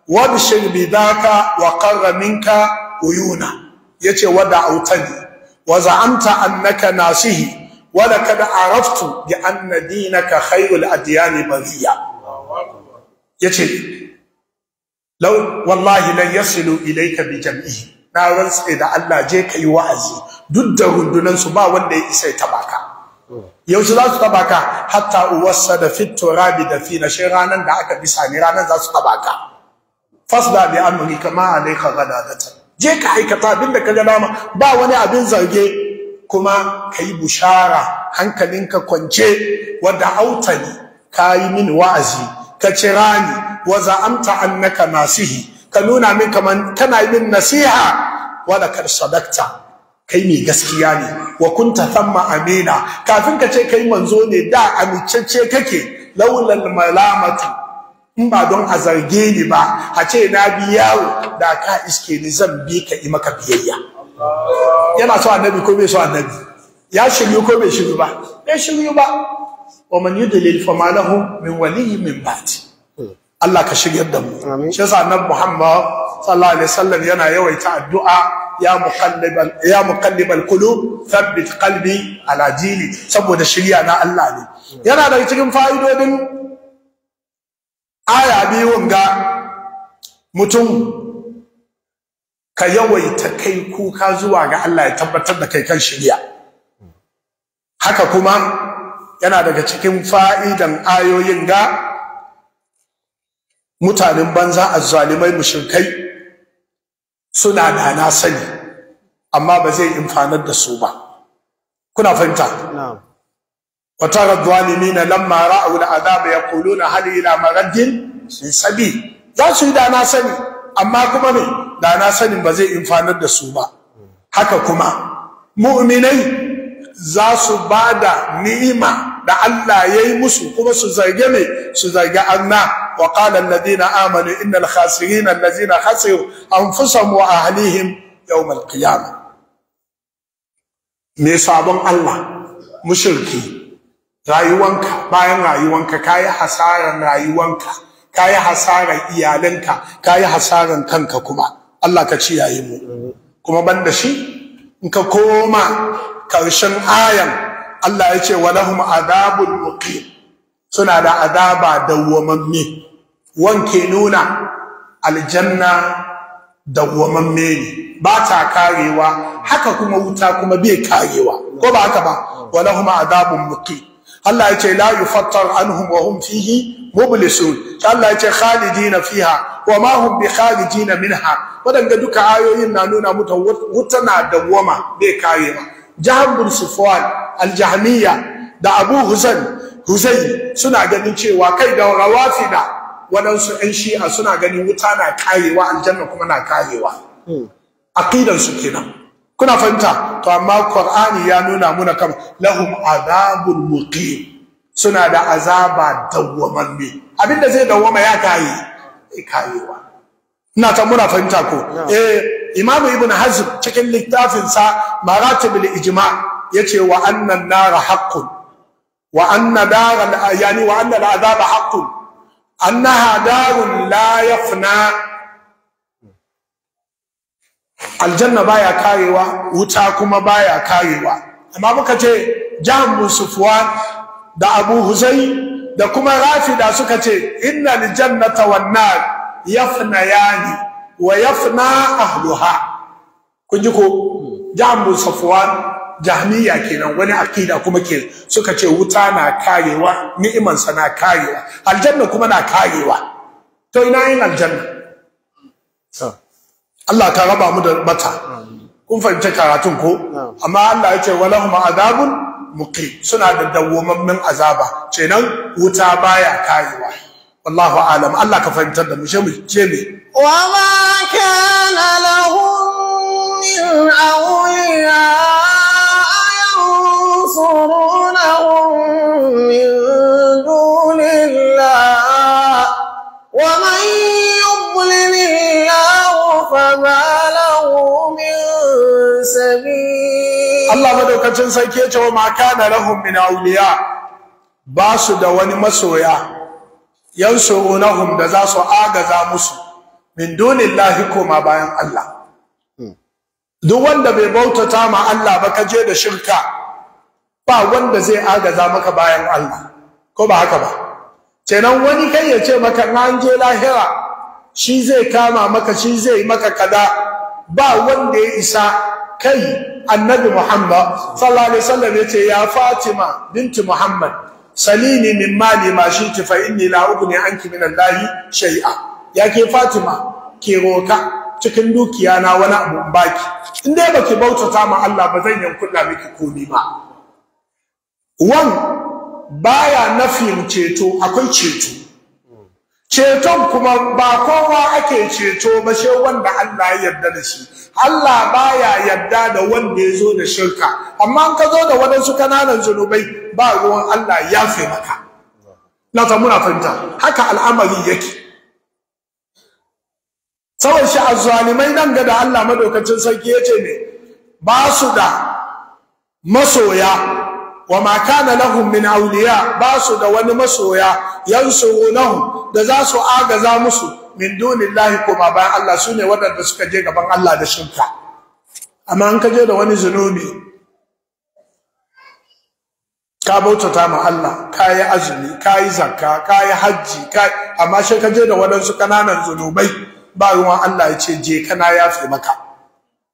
wabshir bidaka wa qarra minka uyuna yace wada autani wa za'amta annaka nasihi wa laqad araftu bi anna dinaka khayrul adyan baghiya yace law wallahi lan ilai ka bi jam'ihi na rantse da Allah je kai wa'azi duk da rundunan su ba wanda ya isa ya ta ka. yaushe za su taba ka hatta uwarsa da fit turabi da fi na shi da aka bisa ni ranar za su taba ka fasda bi amri kama alayka ghadadatan je ka aikata da ka ga dama ba wani abin zarge kuma kai bushara hankalinka kwance wadda autani kayi min wa'azi ka cirani wa za'amta annaka nasihi ka nuna min kaman kana min nasiha wa laqad kai mai gaskiya ne wa kunta thamma amina kafin ka ce kai manzo ne da amicacce kake laulal malamatu in ba don a zarge ni ba a ce na bi yawo da ka iske ni zan bi ka yi maka biyayya yana so annabi ko bai so annabi ya shiryu ko bai shiryu ba bai shiryu ba wa man yudlil fama lahu min wali min ba'di Allah ka shigar da mu shi yasa annabi Muhammad sallallahu alaihi wasallam yana yawaita addu'a ya muqallibal ya muqallibal qulub thabbit qalbi ala dini saboda shirya na Allah ne yana daga cikin fa'idodin aya biyun ga mutum ka yawaita kai kuka zuwa ga Allah ya tabbatar da kai kan shirya haka kuma yana daga cikin fa'idan ayoyin ga mutanen banza azzalimai mushrikai suna da na sani amma ba zai imfanar da su ba kuna fahimta وترى الظالمين لما رأوا العذاب يقولون هل إلى مرد من سبيل Ya su yi da na sani amma kuma ne da na sanin ba zai imfanar da su ba haka kuma mu'minai za su ba da ni'ima da Allah ya yi musu kuma su zarge ne su zarge anna wa qala alladhina amanu innal khasirina alladhina khasiru anfusahum wa ahlihim yawm alqiyamah me sabon Allah mushriki rayuwanka bayan rayuwanka kayi hasaran rayuwanka kayi hasaran iyalanka kayi hasaran kanka kuma Allah ka yayi mu kuma banda shi in ka koma Karshen ayan Allah ya ce walahum muqim suna da azaba dawwamamme wanke nuna aljanna dawwamamme ne ba ta karewa haka kuma wuta kuma bai karewa ko ba haka ba walahum azabul muqim Allah ya ce la yufattar anhum wa hum fihi mublisun Allah ya ce khalidina fiha wa ma hum bi khalidina minha wadanga duka ayoyin na nuna mutan wuta na dawwama bai karewa jihar bin aljahmiya da abu huzan huzai suna ganin cewa kai da rawafida waɗansu 'yan shi'a suna ganin wuta na kayewa aljanna kuma na kayewa hmm. aqidan su kenan kuna fahimta to amma qur'ani ya nuna muna kam lahum azabul muqim suna da azaba dawwamamme abinda zai dawwama ya kaye kayewa ina ta muna fahimta ko eh imamu ibn hazm cikin littafinsa maratibul ijma yace wa anna an-nara haqqun wa anna dara wa anna al haqqun annaha darun la yafna aljanna baya karewa wuta kuma baya karewa amma muka ce jahan sufwan da abu huzai da kuma rafida suka ce innal jannata wan nar yafnayani wa yafna ahluha kun ji ko ja'an safwan jahmiya kenan wani akida kuma ke suka ce wuta na kayewa? ni'iman sa na karewa aljanna kuma na karewa to ina yin aljanna Allah ka raba mu da mata, kun fahimci karatun ko amma Allah ya ce walahum adabun muqim suna da dawwamammin azaba kenan wuta baya karewa wallahu alam Allah ka fahimtar da mu she mu ce me wa ma kana lahum min awliya yansurunahum min dunillah wa man yudlil Allah fama lahu min sabil Allah madaukacin sarki ya ce wa ma ba su da wani masoya yansurunahum da za su agaza musu min dunillahi koma bayan Allah hmm. duk wanda bai bautata ma Allah ba kaje da shirka ba wanda zai agaza maka bayan Allah ko ba haka ba kenan wani kai ya ce maka an je lahira shi zai kama maka shi zai maka kada ba wanda ya isa kai annabi Muhammad sallallahu alaihi wasallam ya ce ya Fatima binti Muhammad salini min mali ma shiti fa inni la ughni anki min allahi shay'a yake Fatima ke roka cikin dukiya na wani abu baki in dai baki bautata ma Allah ba zan yankulla miki komi ba wan baya nafin ceto akwai ceto ceton kuma ba kowa ake ceto ba sai wanda Allah ya yarda da shi Allah baya yarda da wanda ya zo da shirka amma ka zo da wadansu kananan zunubai ba ruwan Allah ya fi maka na ta muna fahimta haka al'amari yake saboda shi azzalimai nan ga da Allah madaukacin sarki yace ne ba su da masoya wa ma kana lahum min awliya ba su da wani masoya yansurunahum da za su agaza musu min dunillahi kuma bayan Allah su ne waɗanda suka je gaban Allah da shirka amma an ka je da wani zunubi ka bautata ma Allah ka yi azumi ka yi zakka ka yi hajji amma shi ka je da waɗansu ƙananan zunubai ba ruwan Allah ya ce je kana yafe maka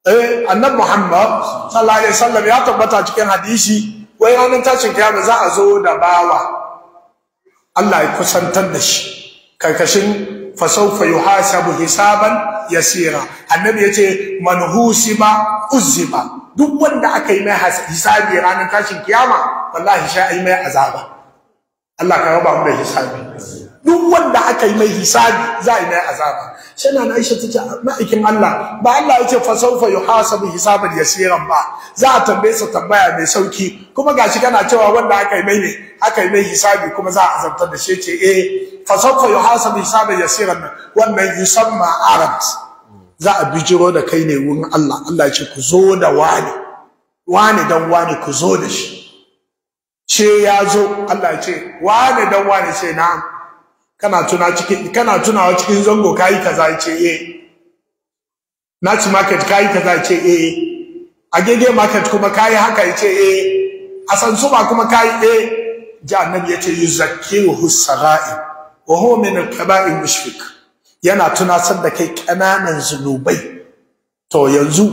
eh annabi Muhammad sallallahu alaihi wasallam ya tabbata cikin hadisi wai ranar tashin kiyama za a zo da bawa Allah ya kusantar da shi karkashin fasaufa yuhasabu hisaban yasira annabi yace man husiba uziba duk wanda aka yi mai hisabi ranar tashin kiyama wallahi sha ai mai azaba Allah ka raba mu da hisabi duk wanda aka yi mai hisabi za a yi mai azaba sai na Aisha ta ce ma'aikin Allah ba Allah ya ce fa sawfa yuhasabu hisaban yasiran ba za a tambaye sa tambaya mai sauki kuma gashi kana cewa wanda aka yi mai ne aka yi mai hisabi kuma za a azabtar da shi ce eh fa sawfa yuhasabu hisaban yasiran wannan yusamma arabs za a bijiro da kai ne wurin Allah Allah ya ce ku zo da wani wani dan wani ku zo da shi ce ya zo Allah ya ce wani dan wani ce na'am kana tuna cikin kana tunawa cikin zango kai kaza yace eh naci market kai kaza yace eh agege market kuma kai haka yace eh asan kuma kai eh ja annabi yace yuzakkiruhu sarai wa huwa min al-kaba'i mushfik yana tunasar da kai kananan zunubai to yanzu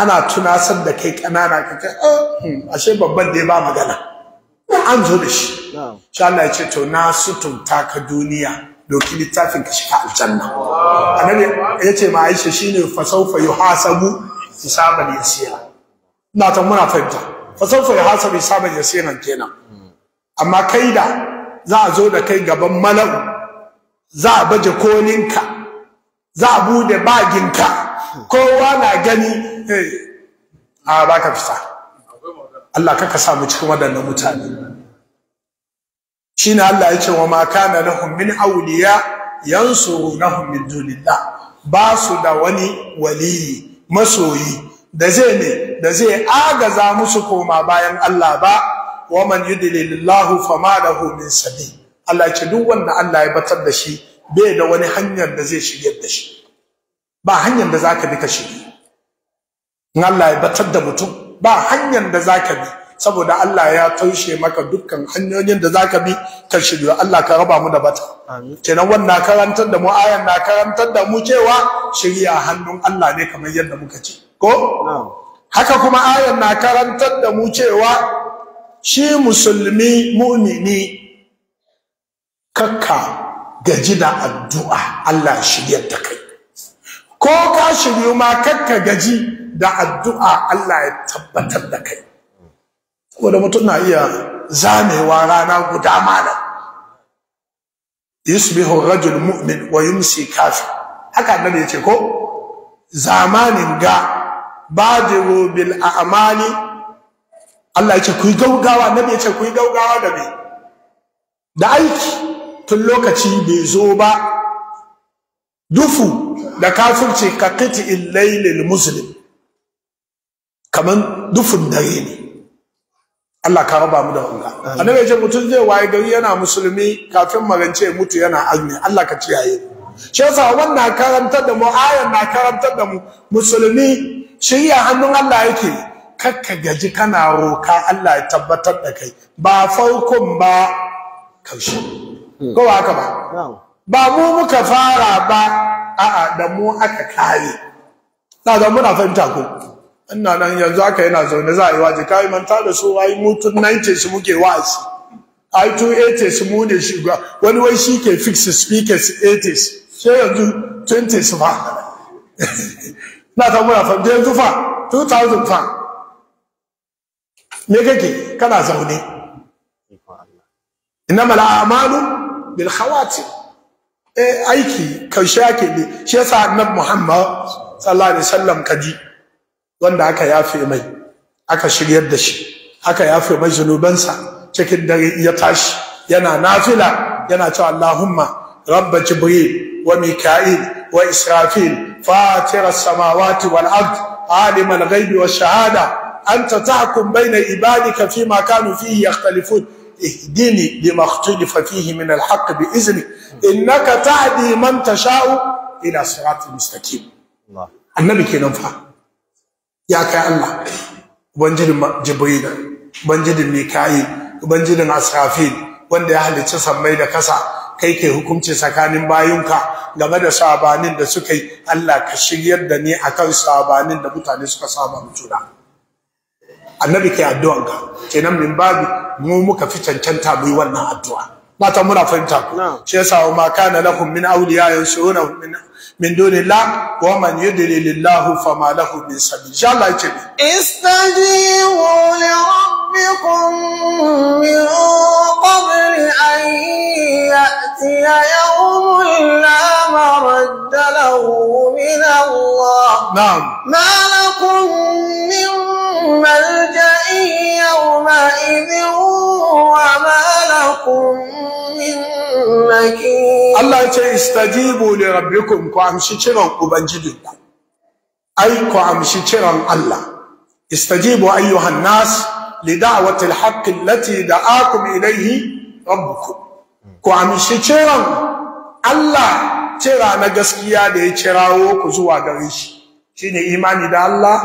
ana tunasar da kai kanana kaka oh, hmm, ashe babban da ya ba magana an zo da shi shi Allah ya ce to na sutunta ka duniya doki littafin ka shiga aljanna annabi ya ce ma Aisha shine fa sawfa yuhasabu hisaban yasira ina ta muna fahimta fa sawfa yuhasabu hisaban yasira kenan hmm. amma kai da za a zo da kai gaban mala'u za a baje koninka za a bude baginka kowa na gani eh, a baka fita Allah kaka samu cikin waɗannan mutane shine Allah ya ce wa ma kana lahum min awliya yansurunahum min dunillah ba su da wani waliyi masoyi da zai ne da zai agaza musu koma bayan Allah ba wa man yudlilillahu fama lahu min sabil Allah ya duk wanda Allah ya batar da shi bai da wani hanyar da zai shigar da shi ba hanyar da zaka bi ka shige in Allah ya batar da mutum ba hanyar da zaka bi saboda Allah ya taushe maka dukkan hanyoyin da zaka bi ka shiryu Allah ka raba mu da bata kenan wannan karantar da mu ayan na karantar da mu cewa shirya hannun Allah ne kamar yadda muka ce ko haka kuma ayan na karantar da mu cewa shi musulmi mu'mini kakka gaji da addu'a Allah shiryar da kai ko ka shiryu ma kakka gaji da addu'a Allah ya tabbatar da kai ko da mutum na iya zamewa rana guda mana yusbihu rajul mu'min wa yumsi kafi haka nan ya yace ko zamanin ga badiru bil a'mali Allah yace ku gaugawa ya yace ku gaugawa da me da aiki tun lokaci bai zo ba dufu da kafirci ka qiti illailil muslim kaman dufun dare ne Allah ka raba mu da wanga annabi ce mutum zai waye gari yana musulmi kafin magance mutu yana azumi Allah ka ciyaye shi yasa wannan karantar da mu ayan na karantar da mu musulmi ya hannun Allah yake kakka gaji kana roka Allah ya tabbatar da kai ba farkon ba karshe hmm. ko haka ba ba mu muka fara ba a'a da mu aka kare da muna fahimta ko ina nan yanzu haka yana zaune za a yi waje kai manta da su ai mutun 90 su muke wa'azi ai 280 su mu ne shiga wani wai shi ke fix speakers 80 sai yanzu 20 su fa na ta muna fa yanzu fa 2000 fa me kake kana zaune Ina innama al'amalu bil khawatim eh aiki kaushe ake ne shi yasa annabi Muhammad sallallahu alaihi wasallam kaji wanda aka yafe mai aka shiryar da shi aka yafe mai zunubansa cikin dare ya tashi yana nafila yana cewa Allahumma rabba jibril wa mika'il wa israfil fatira samawati wal ard alim al ghaibi shahada anta tahkum bayna ibadika fima kanu fihi yakhtalifun ihdini lima ikhtalafa fihi min al haqq bi izni innaka tahdi man tasha'u ila siratin mustaqim annabi kenan fa ya kai Allah ubangijin jibril ubangijin mikail ubangijin asrafil wanda ya halicci sammai da kasa kai kai hukunci tsakanin bayunka game da sabanin da suka yi Allah ka shiryar da ni akan sabanin da mutane suka saba mu juna annabi kai addu'anka. ka kenan min babu mu muka fi cancanta mu yi wannan addu'a mata muna fahimta ku shi yasa ma kana lahum min awliya yansuruna min min duni la wa man yudlil lahu fama lahu min sabil insha Allah ce bi istajibu li rabbikum min qabli an ya'tiya yawmun la maradda lahu min Allah na'am ma lakum min malja'i yawma idhin wa ma lakum min Allah ce istajibu li rabbikum ko amshi kiran ubangijinku ai ku amshi kiran Allah istajibu ayyuhan nas li da'wati al-haqq allati da'akum ilayhi rabbukum ku amshi kiran Allah kira na gaskiya da ya kirawo ku zuwa gare shi shine imani da Allah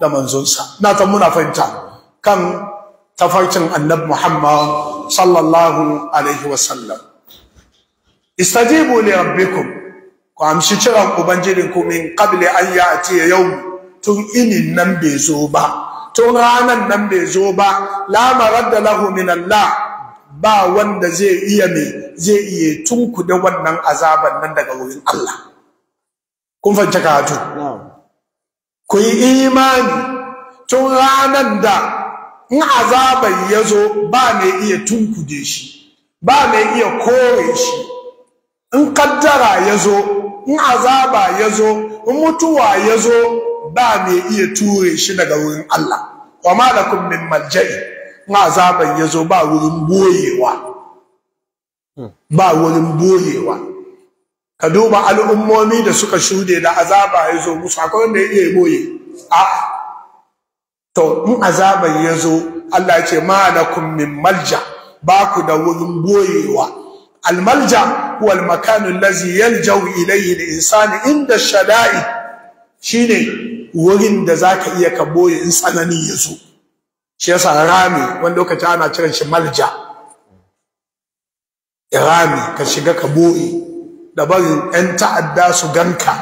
da manzonsa na ta muna fahimta kan tafarkin annabi Muhammad sallallahu alaihi wasallam istajibu li rabbikum ku amshi kiran ubangijinku min qabli an ya'ti yawm tun inin nan bai zo ba tun ranan nan bai zo ba la maradda lahu min ba wanda zai iya me zai iya tunkuda wannan azaban nan daga wurin Allah kun fanta karatu ku yi imani tun ranan da in azaban ya zo ba mai iya tunkude shi ba mai iya kore shi in kaddara ya zo in azaba ya zo in mutuwa ya zo ba mai iya ture shi daga wurin Allah wa malakum min malja'i in azaban ya zo ba wurin boyewa hmm. ba wurin boyewa ka duba al'ummomi da suka shude da azaba ya zo musu akwai wanda ya iya boye a to in azaban ya zo Allah ya ce malakum min malja ba ku da wurin boyewa malja. huwa al-makan allazi Insani. ilayhi al-insan inda shada'i shine wurin da zaka iya ka boye in tsanani yazo shi yasa rami wani lokaci ana kiran shi malja rami ka shiga ka boye da barin yan ta'adda su ganka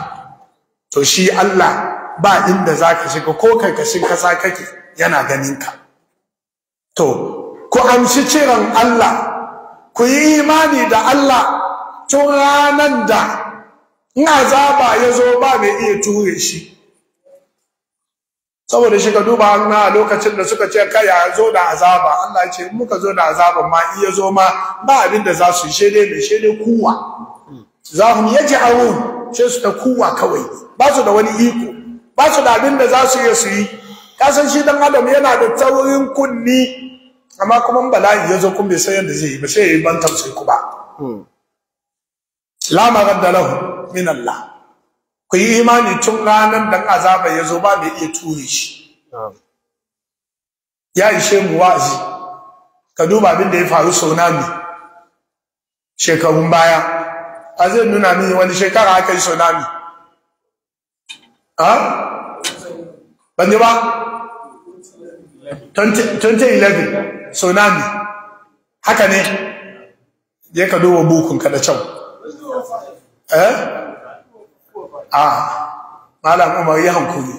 to shi Allah ba inda za ka shiga ko kai ka shiga kasa kake yana ganin ka to ku amshi ciran Allah ku yi imani da Allah tun ranar da ina zaba ya zo ba mai iya ture shi saboda shi ka duba na lokacin da suka ce kai ya zo da azaba Allah ce muka zo da azaba ma iya zo ma ba abin da za su yi shede mai shede kuwa za ji yaj'alun ce su da kuwa kawai ba su da wani iko ba su da abin da za su iya su yi kasan shi dan adam yana da taurin kunni amma kuma bala'i ya zo kun bai san yadda zai yi ba sai ya yi ban sai ku ba hmm. la maradda lahu min Allah ku yi imani tun ranar da azaba ya zo ba mai iya ture shi ya ishe mu wa'azi ka duba abin da ya faru tsunami shekarun baya a zai nuna mini wani shekara aka yi tsunami ah? ban yi ba 2011 tsunami haka ne je ka duba bukun ka da can eh a ah, malam umar ya hankuri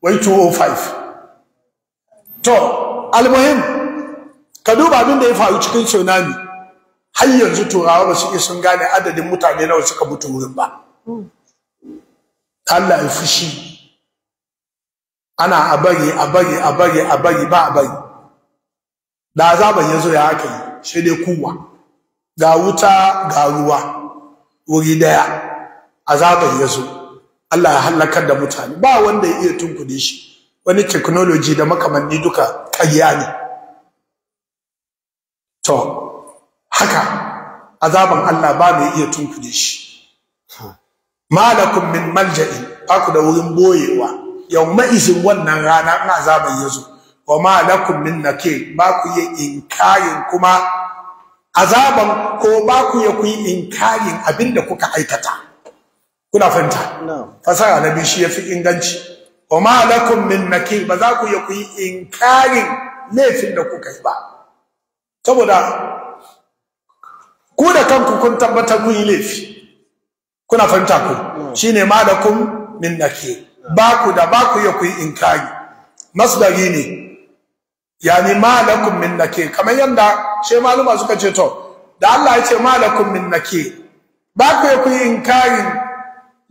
wai 205 to almuhim ka duba abin da ya faru cikin tsunami har yanzu turawa ba su sun gane adadin mutane nawa suka mutu wurin ba Allah ya fushi ana a bari a bari a bari a bari ba a bari da azaban ya zo ya haka yi sai dai kuwa ga wuta ga ruwa wuri daya azabar ya zo Allah ya hallakar da mutane ba wanda ya iya tunkude shi wani technology da makamanni duka ƙarya ne to haka azaban Allah ba mai iya tunkude shi malakum min malja'in ku da wurin boyewa yawma izin wannan rana in azaban ya zo wa malakum min nakir ba ku yi inkarin kuma azaban ko ba ku ya kuyi yi inkarin abin da kuka aikata kuna fanta. fasara na bishi ya fi inganci wa ma lakum min nakir ba za ku ya kuyi yi inkarin laifin da kuka yi ba saboda ku da kanku kun tabbatar kun yi laifi kuna fanta ku shine ma lakum min nakir ba ku da ba ku ya kuyi yi inkari masdari ne yani malakum min nake kamar yanda she maluma suka ce to da Allah ya ce malakum min nake ba ku ku inkarin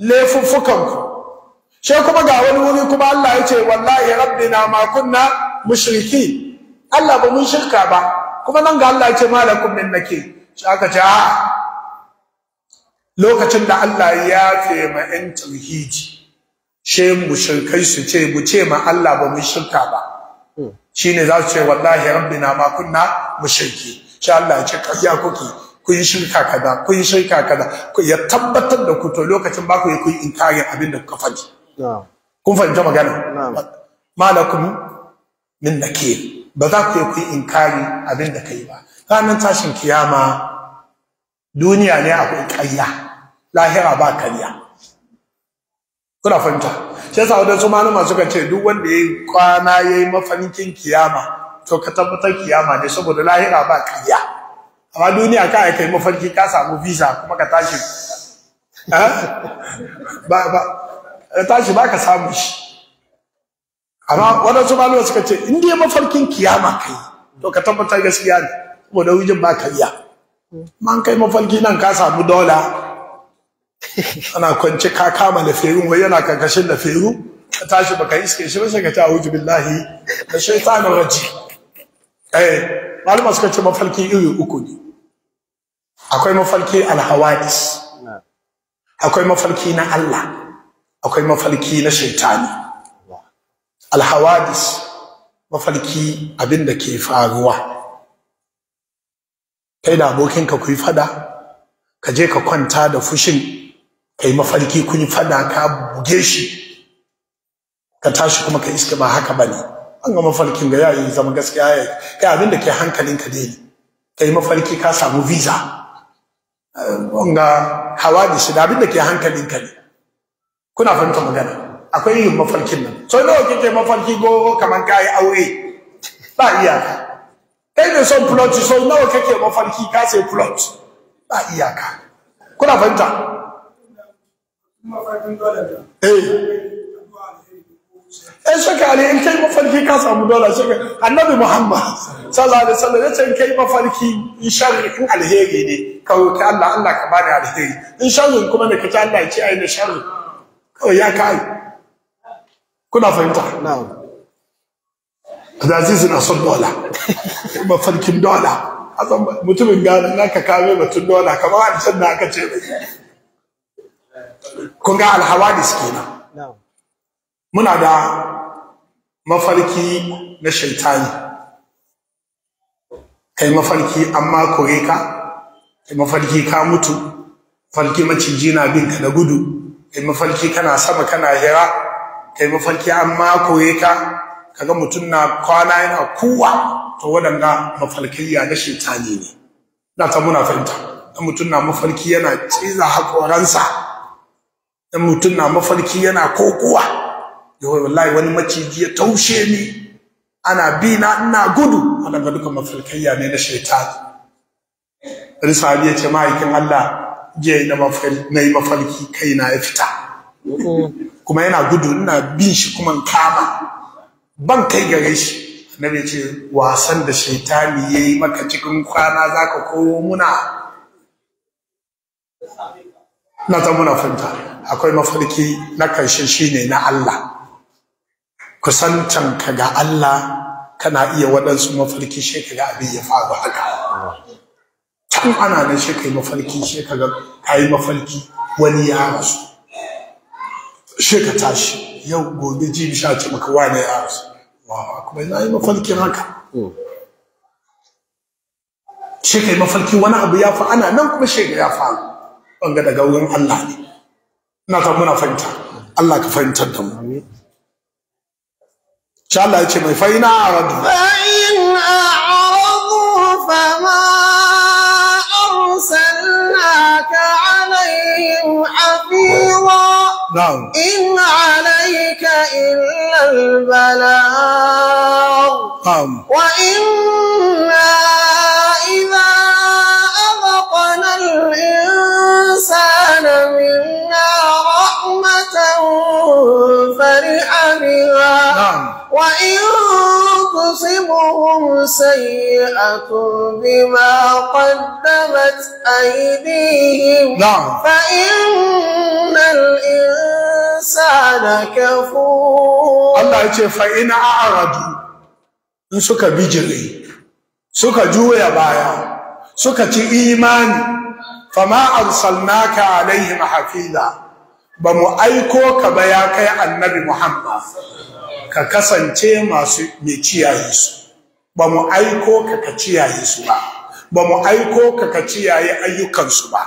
lefuffukan ku she kuma ga wani wuri kuma Allah ya ce wallahi rabbina ma kunna mushriki Allah ba mun shirka ba kuma nan ga Allah ya ce malakum min nake shi aka ce a lokacin da Allah ya ce ma 'yan tauhidi she mushrikai su ce mu ce ma Allah ba mun shirka ba shine za su ce wallahi rabbina ma kunna mushriki shi Allah ce kafiya kuke kun shirka kaza kun shirka kaza ya tabbatar da ku to lokacin ba ku yi kun inkari abin da kuka faɗi kun fahimta magana malakum min nake ba za ku yi kun inkari abin da kai ba ranar tashin kiyama duniya ne akwai karya. lahira ba karya kuna fahimta shi yasa wadan su malama suka ce duk wanda yayi kwana yayi mafarkin kiyama to ka tabbatar kiyama ne saboda lahira ba kiyya amma duniya ka yi mafarki ka samu visa kuma ka tashi eh? ba ba tashi ba ka samu shi amma wadan su malama suka ce in dai mafarkin kiyama ka yi to ka tabbatar gaskiya ne saboda wujin ba kiyya man kai mafarki nan ka samu dola ana kwance ka kama da feru wai yana kankashin da feru ka tashi baka iske shi ba sai ka ta auzu billahi da shaitanir raji eh malama suka ce mafalki iri uku ne akwai mafalki alhawadis akwai mafalki na Allah akwai mafalki na shaitani alhawadis mafalki abin da ke faruwa kai da abokinka ku yi fada ka je ka kwanta da fushin kai mafarki kun yi fada ka buge shi ka tashi kuma ka iska ba haka bane an ga mafarkin ga yayi zama gaskiya yayi kai abin da ke hankalin ka dai kai mafarki ka samu visa wanga hawa da shi da abin da ke hankalin ka ne kuna fahimta magana akwai yin mafarkin nan so nawa kike mafarki go kaman kai aure ba iyaka kai ne son plot so nawa kake mafarki ka sai plot ba iyaka kuna fahimta Eh. Eh, eh shaka ne in kai mafarki ka samu dola shaka annabi muhammad sallallahu alaihi wasallam yace in kai mafarki in sharri in alheri ne kawai ka Allah Allah ka bani alheri in sharri kuma ne ka ta Allah ya ce ai na sharri kawai ya kai kuna fahimta na'am Abdulaziz na son dola mafarkin dola mutumin gane naka kame batun dola kamar a can aljanna aka ce kun ga alhawadis kenan muna da mafarki na shaitani kai mafarki amma kore ka kai mafarki ka mutu mafarki maciji na bin ka da gudu kai mafarki kana sama kana hira kai mafarki amma kore ka kaga mutum na kwana yana kuwa. to waɗanda mafarkiya na shaitani ne na ta muna fahimta mutum na mafarki yana ciza haƙoransa in mutum na mafarki yana kokowa yawai wallahi wani maciji ya taushe ni ana bi na ina gudu ana ga duka mafarkayya ne na shaitan risali ya ce ma'aikin Allah jiya na yi mafarki kai na ya fita kuma yana gudu ina bin shi kuma kama ban kai gare shi annabi ce wasan da shaitani yayi maka cikin kwana zaka kowo muna na ta na fanta akwai mafarki na karshe shine na Allah kusantan ka ga Allah kana iya waɗansu mafarki shi ka ga abin ya faru haka can ana nan shi ka yi mafarki shi ka ga ka yi mafarki wani ya rasu shi ka tashi yau gobe jibi sha ce maka wane ya rasu kuma na yi mafarkin haka shi ka yi mafarki wani abu ya fa ana nan kuma shi ya faru wanga daga wurin Allah ne ina ta muna fahimta Allah ka fahimtar da mu insha Allah ya ce mai fa'ina aradu fa'in a'radu fama arsalnaka alaihim hafiza na'am وإن تصبهم سيئة بما قدمت أيديهم نعم فإن الإنسان كفور الله يقول فإن أعرضوا إن سكا بجري سكا جوية بايا سكا إيمان فما أرسلناك عليهم حفيظا ba mu aiko ka ba ya kai annabi Muhammad ka kasance masu mai ciyaye su ba mu aiko ka ka ciyaye su ba ba mu aiko ka ka ciyaye ayyukansu ba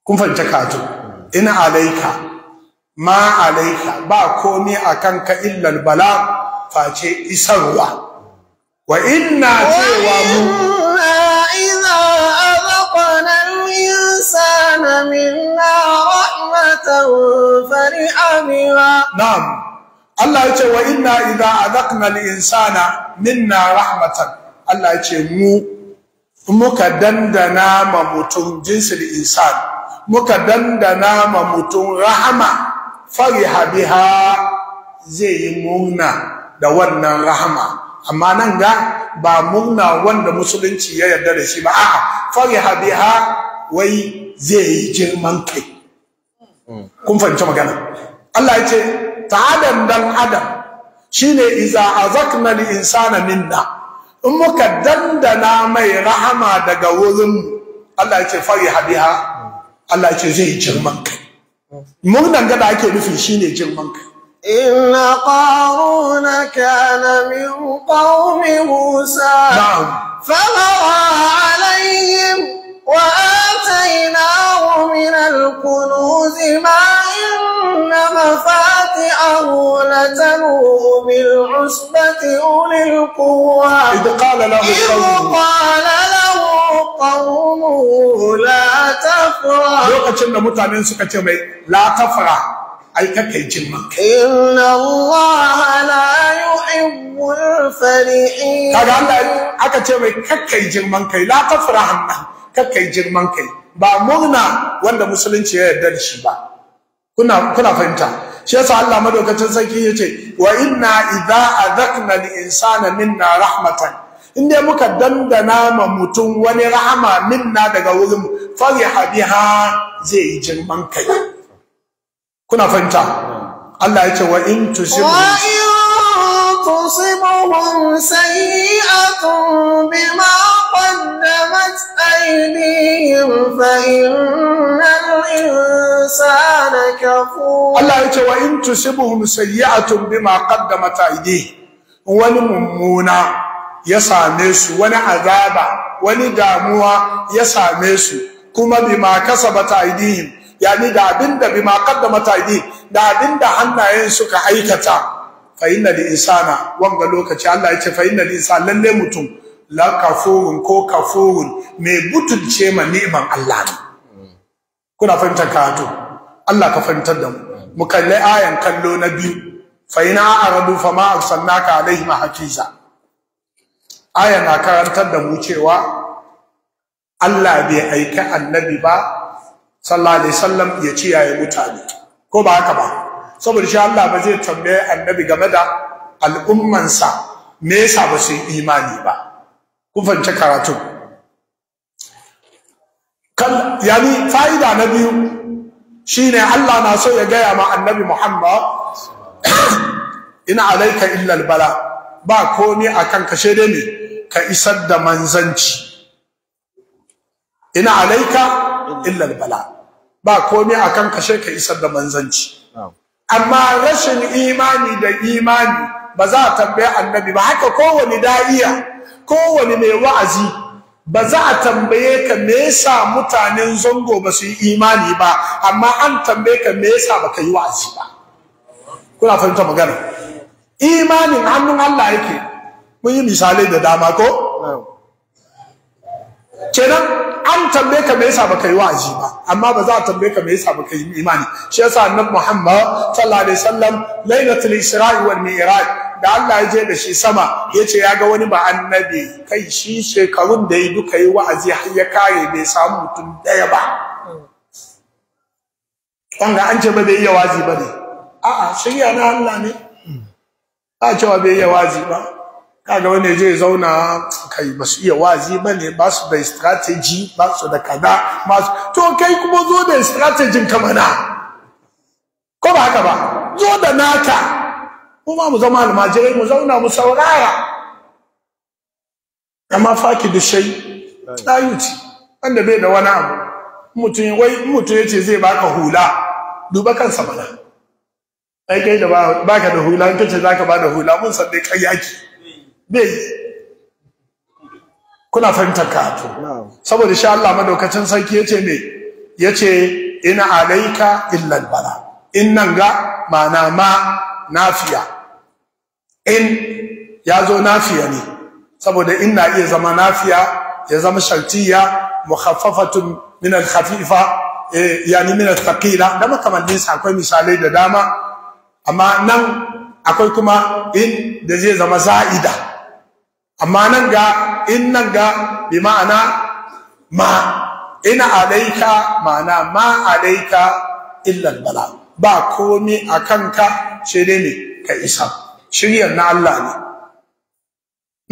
kun fahimta kato ina alaika ma alaika ba komi a kan ka illal bala face isarwa wa inna cewa mu الإنسان منا رحمة Allah ya ce wa inna idza adaqna al-insana minna rahmatan Allah ya ce mu muka dandana ma mutum jinsul insan muka dandana ma mutum rahama fariha biha zai yi murna da wannan rahama amma nan ga ba murna wanda musulunci ya yarda da shi ba a'a fariha biha wai zai yi girman kai kun fahimci magana Allah ya ce tadan dan adam shine iza azakna li insana minna in muka dandana mai rahama daga wurin Allah ya ce fari habiha Allah ya ce zai girman kai murnan gada ake nufi shine girman kai إن قارون كان من قوم موسى نعم فبغى عليهم وآتيناه من الكنوز ما إن إن مفاتحه لتنوء بالعصبة أولي القوة إذ قال له قال له قومه لا تفرح لو قتلنا متى ننسك تيومي لا تفرح أي كي إن الله لا يحب الفرحين كي تيومي كي جلمان كي لا تفرح كي جلمان كي با مغنى وانا مسلمين تيه دلشي با kuna kuna fahimta shi yasa Allah madaukacin sarki yace wa inna idza azaqna na insana minna rahmatan in dai muka dandana ma mutum wani rahama minna daga wurin fariha biha zai yi jirman kai kuna fahimta Allah yace wa in tusibu قدمت أيديهم فإن الإنسان كفور الله يتوى إن تسبهم سيئة بما قدمت أيديه ولممونا ya same su wani azaba wani damuwa ya same su kuma bima kasabata aidihim yani da abinda bima qaddamata aidihim da abinda hannayen suka aikata fa inna li insana wanga lokaci Allah ya ce fa inna li insana mutum la kafurun ko kafurun mai ce ma neman Allah ne kuna fahimtar karatu Allah ka fahimtar da mu mu kalli ayan kallo na biyu fa ina arabu fa ma arsalnaka alaihim hakiza ayan na karantar da mu cewa Allah bai aika annabi ba sallallahu alaihi wasallam ya ci yayi mutane ko ba haka ba saboda shi Allah ba zai tambaye annabi game da al'ummansa me yasa ba su imani ba kun fahimci karatu yani fa'ida na biyu shine Allah na so ya gaya ma annabi Muhammad [COUGHS] ina alaika illa albala ba komai akan kashe shede ne ka isar da manzanci ina alaika illa albala ba komai akan kashe ka isar da manzanci amma rashin imani da imani ba za a tambaye annabi ba haka kowane da'iya kowane mai wa'azi ba za a tambaye ka me yasa mutanen zango ba su yi imani ba amma an tambaye ka me yasa ba ka yi wa'azi ba kuna fahimta magana imanin hannun Allah yake mun yi misalai da dama ko kenan an tambaye ka me yasa ba ka yi wa'azi ba amma ba za a tambaye ka me yasa ba ka yi imani shi yasa annabi Muhammad sallallahu alaihi wasallam lailatul isra'i wal mi'raj da Allah ya je da shi sama ya ce ya ga wani ba annabi kai shi shekarun da ya duka yi wa'azi har ya kare bai samu mutum daya ba wanga an ce ba bai iya wazi ba ne a'a shirya na Allah ne ba cewa bai iya wazi ba kaga wani zai zauna kai ba su iya wazi ba ne ba su da strategy ba su da kada ba su to kai kuma zo da strategy kamana ko ba haka ba zo da naka mu mu zama almajirai mu zauna mu saurara amma faki da shai tsayuci wanda bai da wani abu mutum wai mutum yace zai baka hula duba kansa mana ai kai da baka da hula in kace zaka bada hula mun san dai kai yaki bai kuna fahimtar ka to saboda insha Allah madaukacin sarki yace me yace ina alaika illa albala innan ga mana ma nafiya in ya zo nafiya ne saboda in na iya zama nafiya ya zama shartiya mukhaffafatun min al-khafifa eh, yani min al-thaqila da makamannin sa akwai misalai da dama amma nan akwai kuma in da zai zama za'ida amma nan ga in nan ga bi ma'ana ma ina alaika ma'ana ma alaika illa al-bala ba komai akanka sai dai ne ka isa shiryar na Allah ne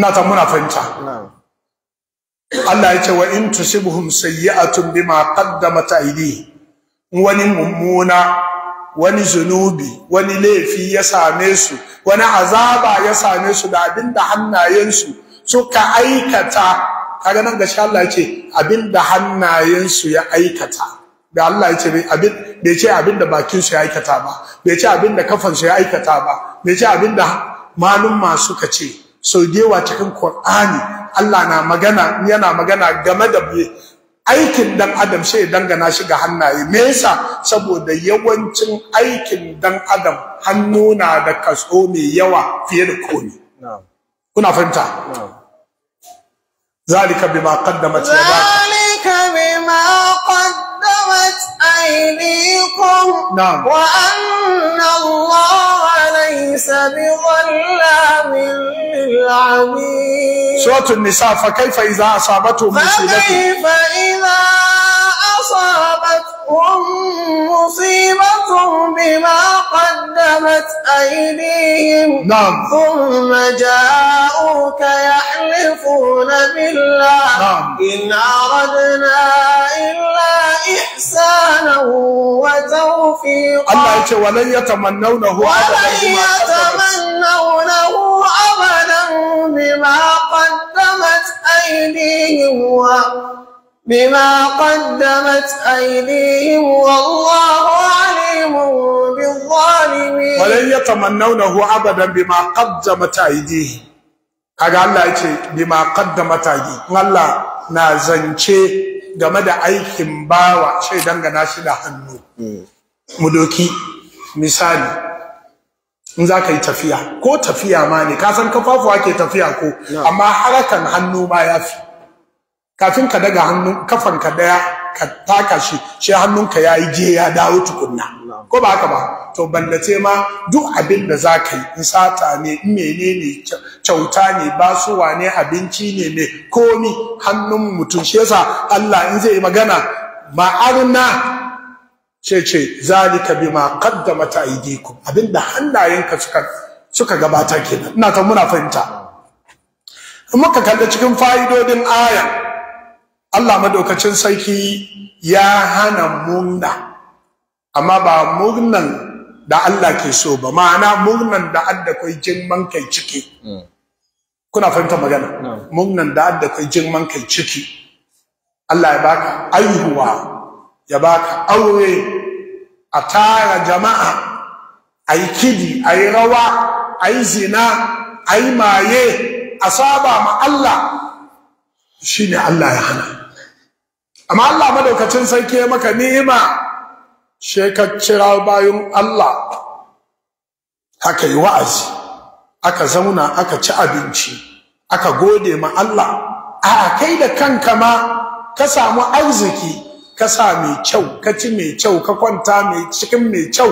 ina ta muna fahimta Allah ya ce wa in tusibuhum sayyi'atun bima qaddamat aydihi wani mummuna wani zunubi wani laifi ya same su wani azaba ya same su da abinda su suka aikata kaga nan gashi Allah ya ce abinda su ya aikata da Allah ya ce abin bai ce abin da bakin su ya aikata ba bai ce abin da su ya aikata ba bai ce abin da malumma suka ce sau da cikin Qur'ani Allah na magana yana magana game da aikin dan adam sai dangana shi ga hannaye me yasa saboda yawancin aikin dan adam hannu na da kaso mai yawa fiye da komi kuna fahimta zalika bima qaddamat yadaka zalika bima qaddamat أيديكم نعم وأن الله ليس بظلام للعبيد سورة النساء فكيف إذا أصابته مصيبة فكيف إذا أصابتهم مصيبة بما قدمت أيديهم نعم ثم جاءوك يحلفون بالله نعم إن أردنا إلا إحسانا وتوفيقا الله يقول ولن يتمنونه ولن يتمنونه أبدا بما قدمت أيديهم بما قدمت أيديهم والله عليم بالظالمين ولن يتمنونه أبدا بما قدمت أيديهم kaga Allah ya ce bima qaddamata yi Allah na zance game da aikin bawa sai dangana shi da hannu Mudoki, misali in za ka yi tafiya ko tafiya ma ne ka san kafafuwa ke tafiya ko amma harakan hannu ma ya fi kafin ka daga hannun kafanka daya ka taka shi shi hannunka ya yi je ya dawo tukunna ko ba haka ba to ballace ma duk abin da za ka yi in sata ne in menene kyauta ne basuwa ne abinci ne ne komi hannun mutum shi yasa Allah in zai magana ma'arna ce ce zalika bima qaddamat aydikum abinda hannayenka suka suka gabata kenan ina ta muna fahimta in muka kalla cikin fa'idodin aya Allah madaukacin sarki ya hana murna amma ba murnan da Allah ke so ba ma'ana murnan da adda kai jimman kai ciki hmm. kuna fahimtar magana hmm. murnan da adda kai jimman kai ciki Allah ya baka aihuwa ya baka aure a tara jama'a a yi kidi a yi rawa a yi zina a yi maye a saba ma Allah shi ne Allah ya hana amma Allah madaukacin sarki ya maka ni'ima she ka cira bayan Allah haka yi wa'azi aka zauna aka ci abinci aka gode ma Allah a kai da kanka ma ka samu arziki ka sa mai kyau ka ci mai kyau ka kwanta mai cikin mai kyau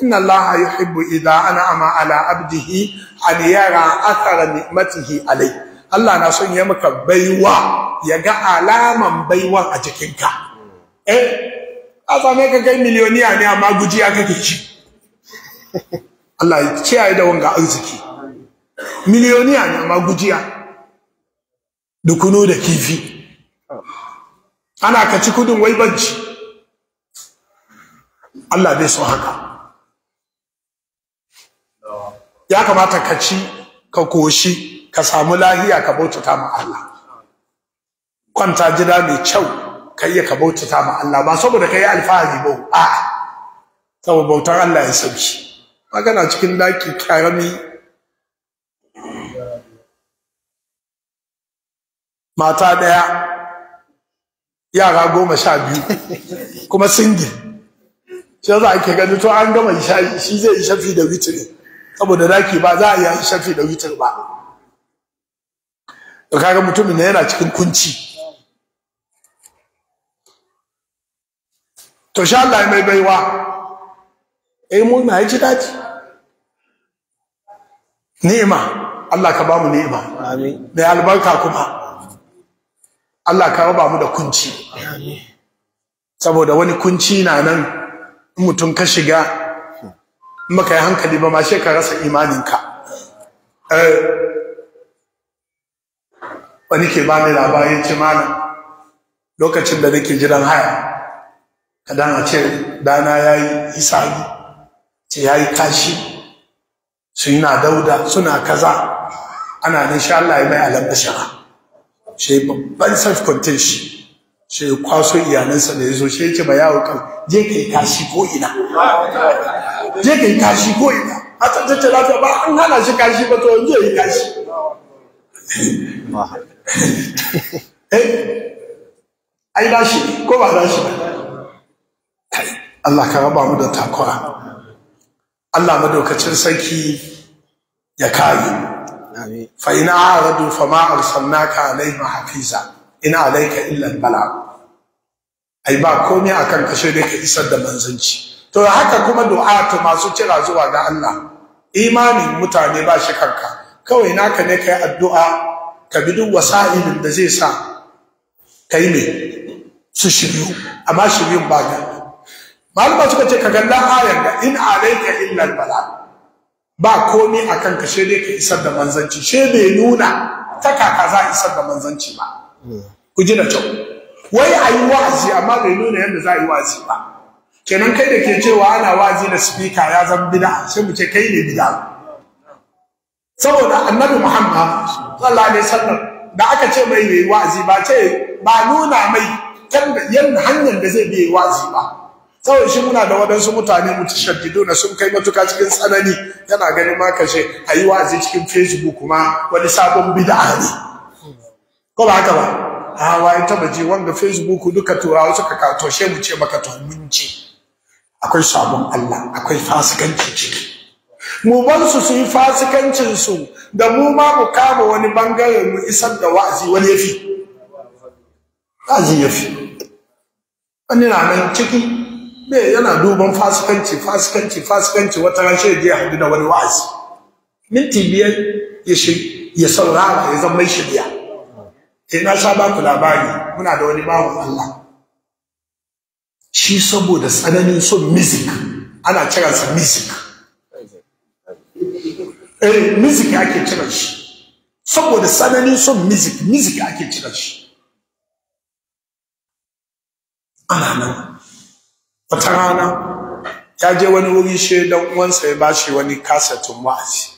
inna Allah yuhibbu idza ala abdihi an yara athara ni'matihi alayhi Allah na son ya maka baiwa ya ga alaman baiwan a jikinka eh a same ka kai miliyoniya ne amma ya kake ci Allah ya kiyaye da wanga arziki miliyoniya ne amma ya dukunu da kifi ana kaci kudin wai banci Allah bai so haka ya kamata ka ci ka koshi ka samu lahiya ka bautata ma Allah kwanta jira mai kyau ka iya ka bautata ma Allah ba saboda ka alfahari ba a'a saboda bautar Allah ya sauki magana cikin daki karami mata ɗaya yara goma sha biyu kuma singil Sai za a ke gani to an gama shi zai shafi da witiri saboda daki ba za a yi shafi da witiri ba kaga mutumin ne yana cikin kunci to sha Allah mai baiwa eh mu na ji daji ni'ima Allah ka bamu ni'ima amin da albarka kuma Allah ka raba mu da kunci amin saboda wani kunci na nan mutum ka shiga baka yi hankali ba ma sai ka rasa imaninka eh wani ke ba ni labarin ce mana lokacin da nake jiran haya kadan a ce dana ya yi isani ce ya yi kashi su yi na dauda suna kaza ana nan sha Allah ya mai alam da shara shi babban self contain shi shi kwaso iyalansa da ya zo shi yake ba yawo kan je ka yi kashi ko ina je yi kashi ko ina a tsantace lafiya ba an hana shi kashi ba to yanzu ya yi kashi [LAUGHS] eh ai dashi ko ba dashi Allah ka raba mu da takura Allah madaukacin sarki ya kai fa ina aradu fa ma arsalnaka alaihim hafiza ina alaika illa bala. ai ba komai akan kashe dai ka isar da manzanci to haka kuma ta masu kira zuwa ga Allah imanin mutane ba shi kanka kawai naka ne kai addu'a ka bi duk wasa'ilin da zai sa kai ne su shiryu amma shiryun ba ga malama suka ce ka ganda ayar da in alaika illa albala ba komai akan ka shede ka isar da manzanci she bai nuna ta kaka za isar da manzanci ba ku ji da kyau wai a yi wa'azi amma bai nuna yadda za a yi wa'azi ba kenan kai da ke cewa ana wa'azi da speaker ya zama bid'a sai mu ce kai ne bid'a saboda annabi muhammad sallallahu alaihi wasallam da aka ce mai yayi wa'azi ba ce ba nuna mai yan hanyar da zai biye wa'azi ba saboda shi muna da wadansu mutane mutashaddiduna na sun kai matuka cikin tsanani yana ganin ma kashe ayi wa'azi cikin facebook kuma wani sabon bid'a ne ko ba haka ba a wai ta baje wanga facebook duka turawa suka katoshe mu ce maka to mun ce akwai sabon Allah akwai fasikanci ciki mu ban su su yi fasikancin su da mu ma mu kama wani bangare mu isar da wa'azi wani yafi wa'azi yafi wani na nan ciki me yana duban fasikanci fasikanci fasikanci wata ran shi ya hudu da wani wa'azi minti biyar ya shi ya saurara ya zama shirya eh na sha ba ku labari muna da wani babu Allah shi saboda tsananin son music ana kiransa music eh music ake cire shi saboda sananin son music music ake cire shi ana nan wata rana ya je wani wuri shi dan uwansa ya bashi wani kasatin wa'azi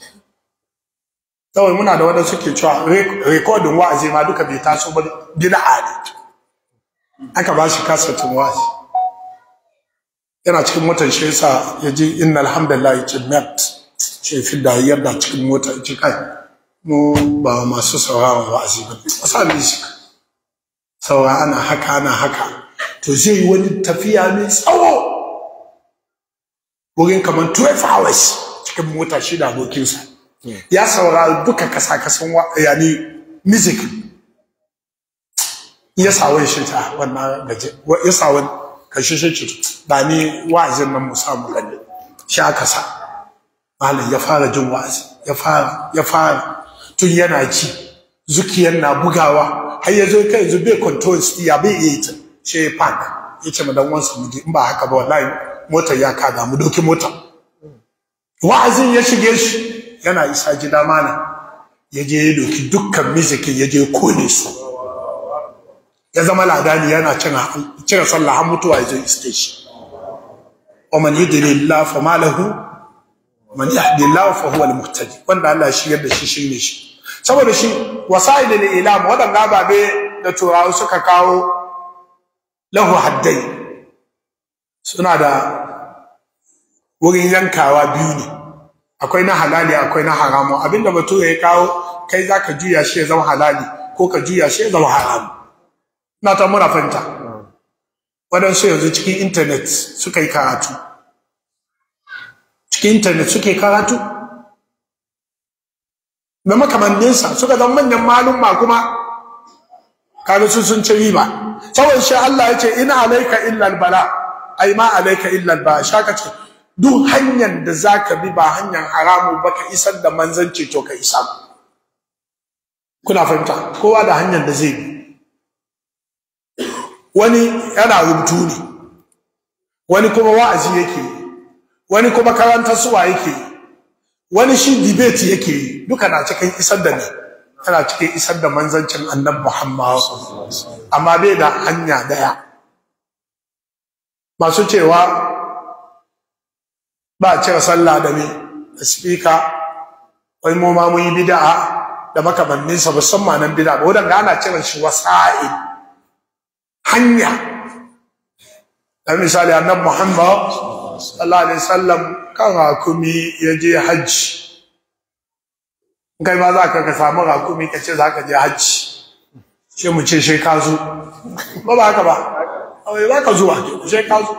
kawai muna da wadanda suke cewa rikodin wa'azi ma duka bai taso ba a ne aka bashi kasetin wa'azi yana cikin watan shi yasa ya ji inna hamdalillah jannat ce fi da yarda cikin mota ce kai mu ba masu sauraron wa'azi ba a sa music saura ana haka ana haka to zai yi wani tafiya mai tsawo wurin kamar 12 hours cikin mota shi da abokinsa hmm. ya saura duka kasa kasan yani music ya sa wani shi ta wannan gaje ya sa wani kashe shi ba ni wa'azin nan mu samu gani shi aka sa malam ya fara jin wa'azi ya fara ya fara tun yana ci zukiyar na bugawa har ya zo kai yanzu bai control ya bai iya ta she park ya ce ma dan wansa mu in ba haka ba wallahi motar ya kaga mu doki mota wa'azin ya shige shi yana isa gida malam ya je ya doki dukkan mizikin yaje je kone su ya zama ladani yana cire sallah har mutuwa ya zo iske shi ومن يدل الله فما له man yahdillahu fa huwa al-muhtadi wanda Allah shi yarda da shi shine shi saboda shi wasailul ilam wadanda babe da turawa suka kawo lahu haddai suna da wurin yankawa biyu ne akwai na halali akwai na haramu abinda bature ya kawo kai zaka juya shi ya zama halali ko ka juya shi ya zama haramu na ta mura fanta wadansu yanzu cikin intanet suka yi karatu intanet suke karatu da makamanninsa suka zama manyan malumma kuma kaga su sun ci riba saboda shi Allah ya ce ina alaika illa albala ai ma alaika illa alba shaka ce duk hanyar da zaka bi ba hanyar haramu ba ka isar da manzanci to ka isa kuna fahimta kowa da hanyar da zai bi wani yana rubutu ne wani kuma wa'azi yake yi wani kuma karantar suwa yake wani shi debate yake duka na cikin isar da ni tana cikin isar da manzancin annab muhammadu amma bai da hanya daya masu cewa ba a cire sallah da ni da speaker wai mu ma mun yi bid'a da makamannin sa musamman nan bid'a ba wadanda ana cire shi wasa'i hanya dan misali annab Muhammad sallallahu alaihi wasallam kan hakumi yaje je hajji kai ma za ka ka samu hakumi ka ce za ka je hajji ce mu ce shi ka zo ba ba haka ba awai ba ka zuwa ke shi ka zo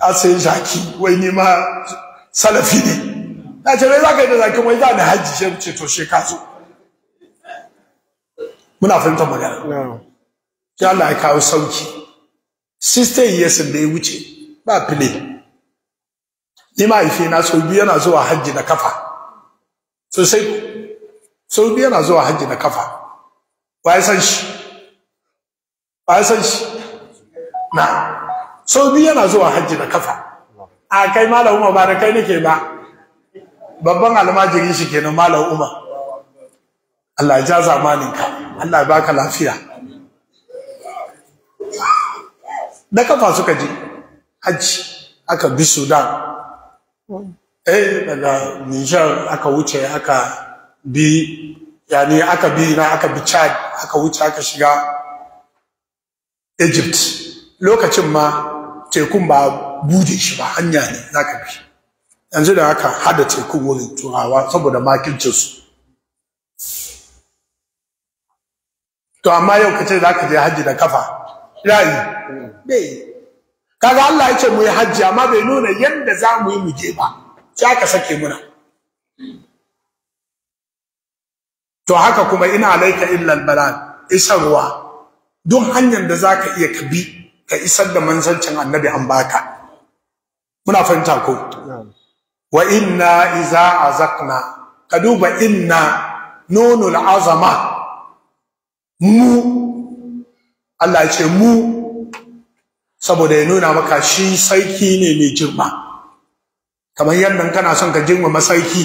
a sai zaki wai ni ma salafi ne na ce za ka yi da zaki wai za ni hajji mu ce to shi ka zo muna fahimtar magana ya Allah ya kawo sauki 16 years da ya wuce ba fili ni mahaifi na sau biyu yana zuwa hajji na kafa sosai sau biyu yana zuwa hajji na kafa ba ya san shi ba ya na sau biyu yana zuwa hajji na kafa a kai malam umar ba da kai ke ba babban almajirin shi kenan malam umar Allah ya ja ka. Allah ya baka lafiya da kafa suka je hajji aka bi sudan eh daga nijar aka wuce aka bi yani aka bi na aka bi chad aka wuce aka shiga egypt lokacin ma tekun ba bude shi ba hanya ne zaka bi yanzu da aka hada tekun wurin turawa saboda su to amma yau ka ce za ka je hajji da kafa rayi bai kaga Allah ya ce mu yi hajji amma bai nuna yadda za mu yi mu je ba sai aka sake muna to haka kuma ina laika illa albalan isarwa duk hanyar da zaka iya ka bi ka isar da manzancin annabi an baka muna fahimta ko wa inna iza azakna ka duba inna nunul azama mu Allah ya ce mu saboda ya nuna maka shi sarki ne mai girma kamar yadda kana son ka girmama sarki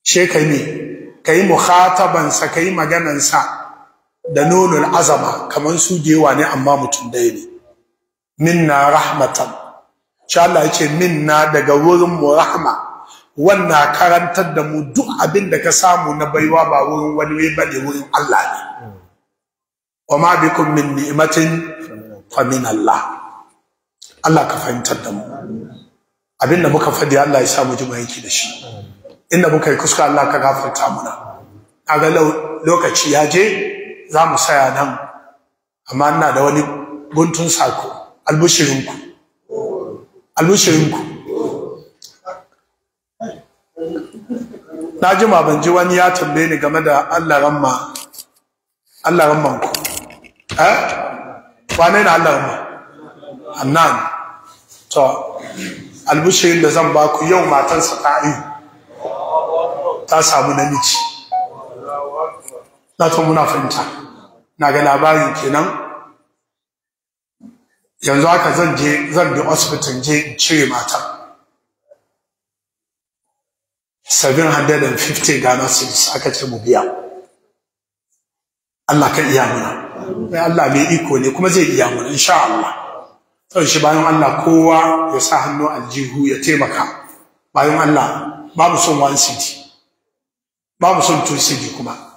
she kai ne kai mukhatabansa kai maganansa da nunul azama kamar su jewa ne amma mutum daya ne minna rahmatan sha Allah ya ce minna daga wurin mu rahma wannan karantar da mu duk abin da ka samu na baiwa ba wurin wani bane wurin Allah ne wa ma bikum min ni'matin fa min Allah Allah ka fahimtar da mu Abin da muka fadi Allah ya sa mu ji aiki da shi inda muka yi kuska Allah ka gafarta muna kaga lokaci ya je za mu saya nan amma ina da wani buntun sako albushirinku albushirinku na ji ma ban ji wani ya tambaye ni game da Allah ramma Allah ramman eh na Allah ma annan to albushirin da zan ba ku yau matansa ta yi ta samu namiji na to muna fahimta na ga labarin kenan yanzu haka zan je zan bi hospital je cire matan 750 Ghana cedis aka ce mu biya Allah kan iya mana ya Allah mai iko ne kuma zai iya mu insha Allah sai shi bayan Allah kowa ya sa hannu aljihu ya taimaka bayan Allah babu son one city babu son two city kuma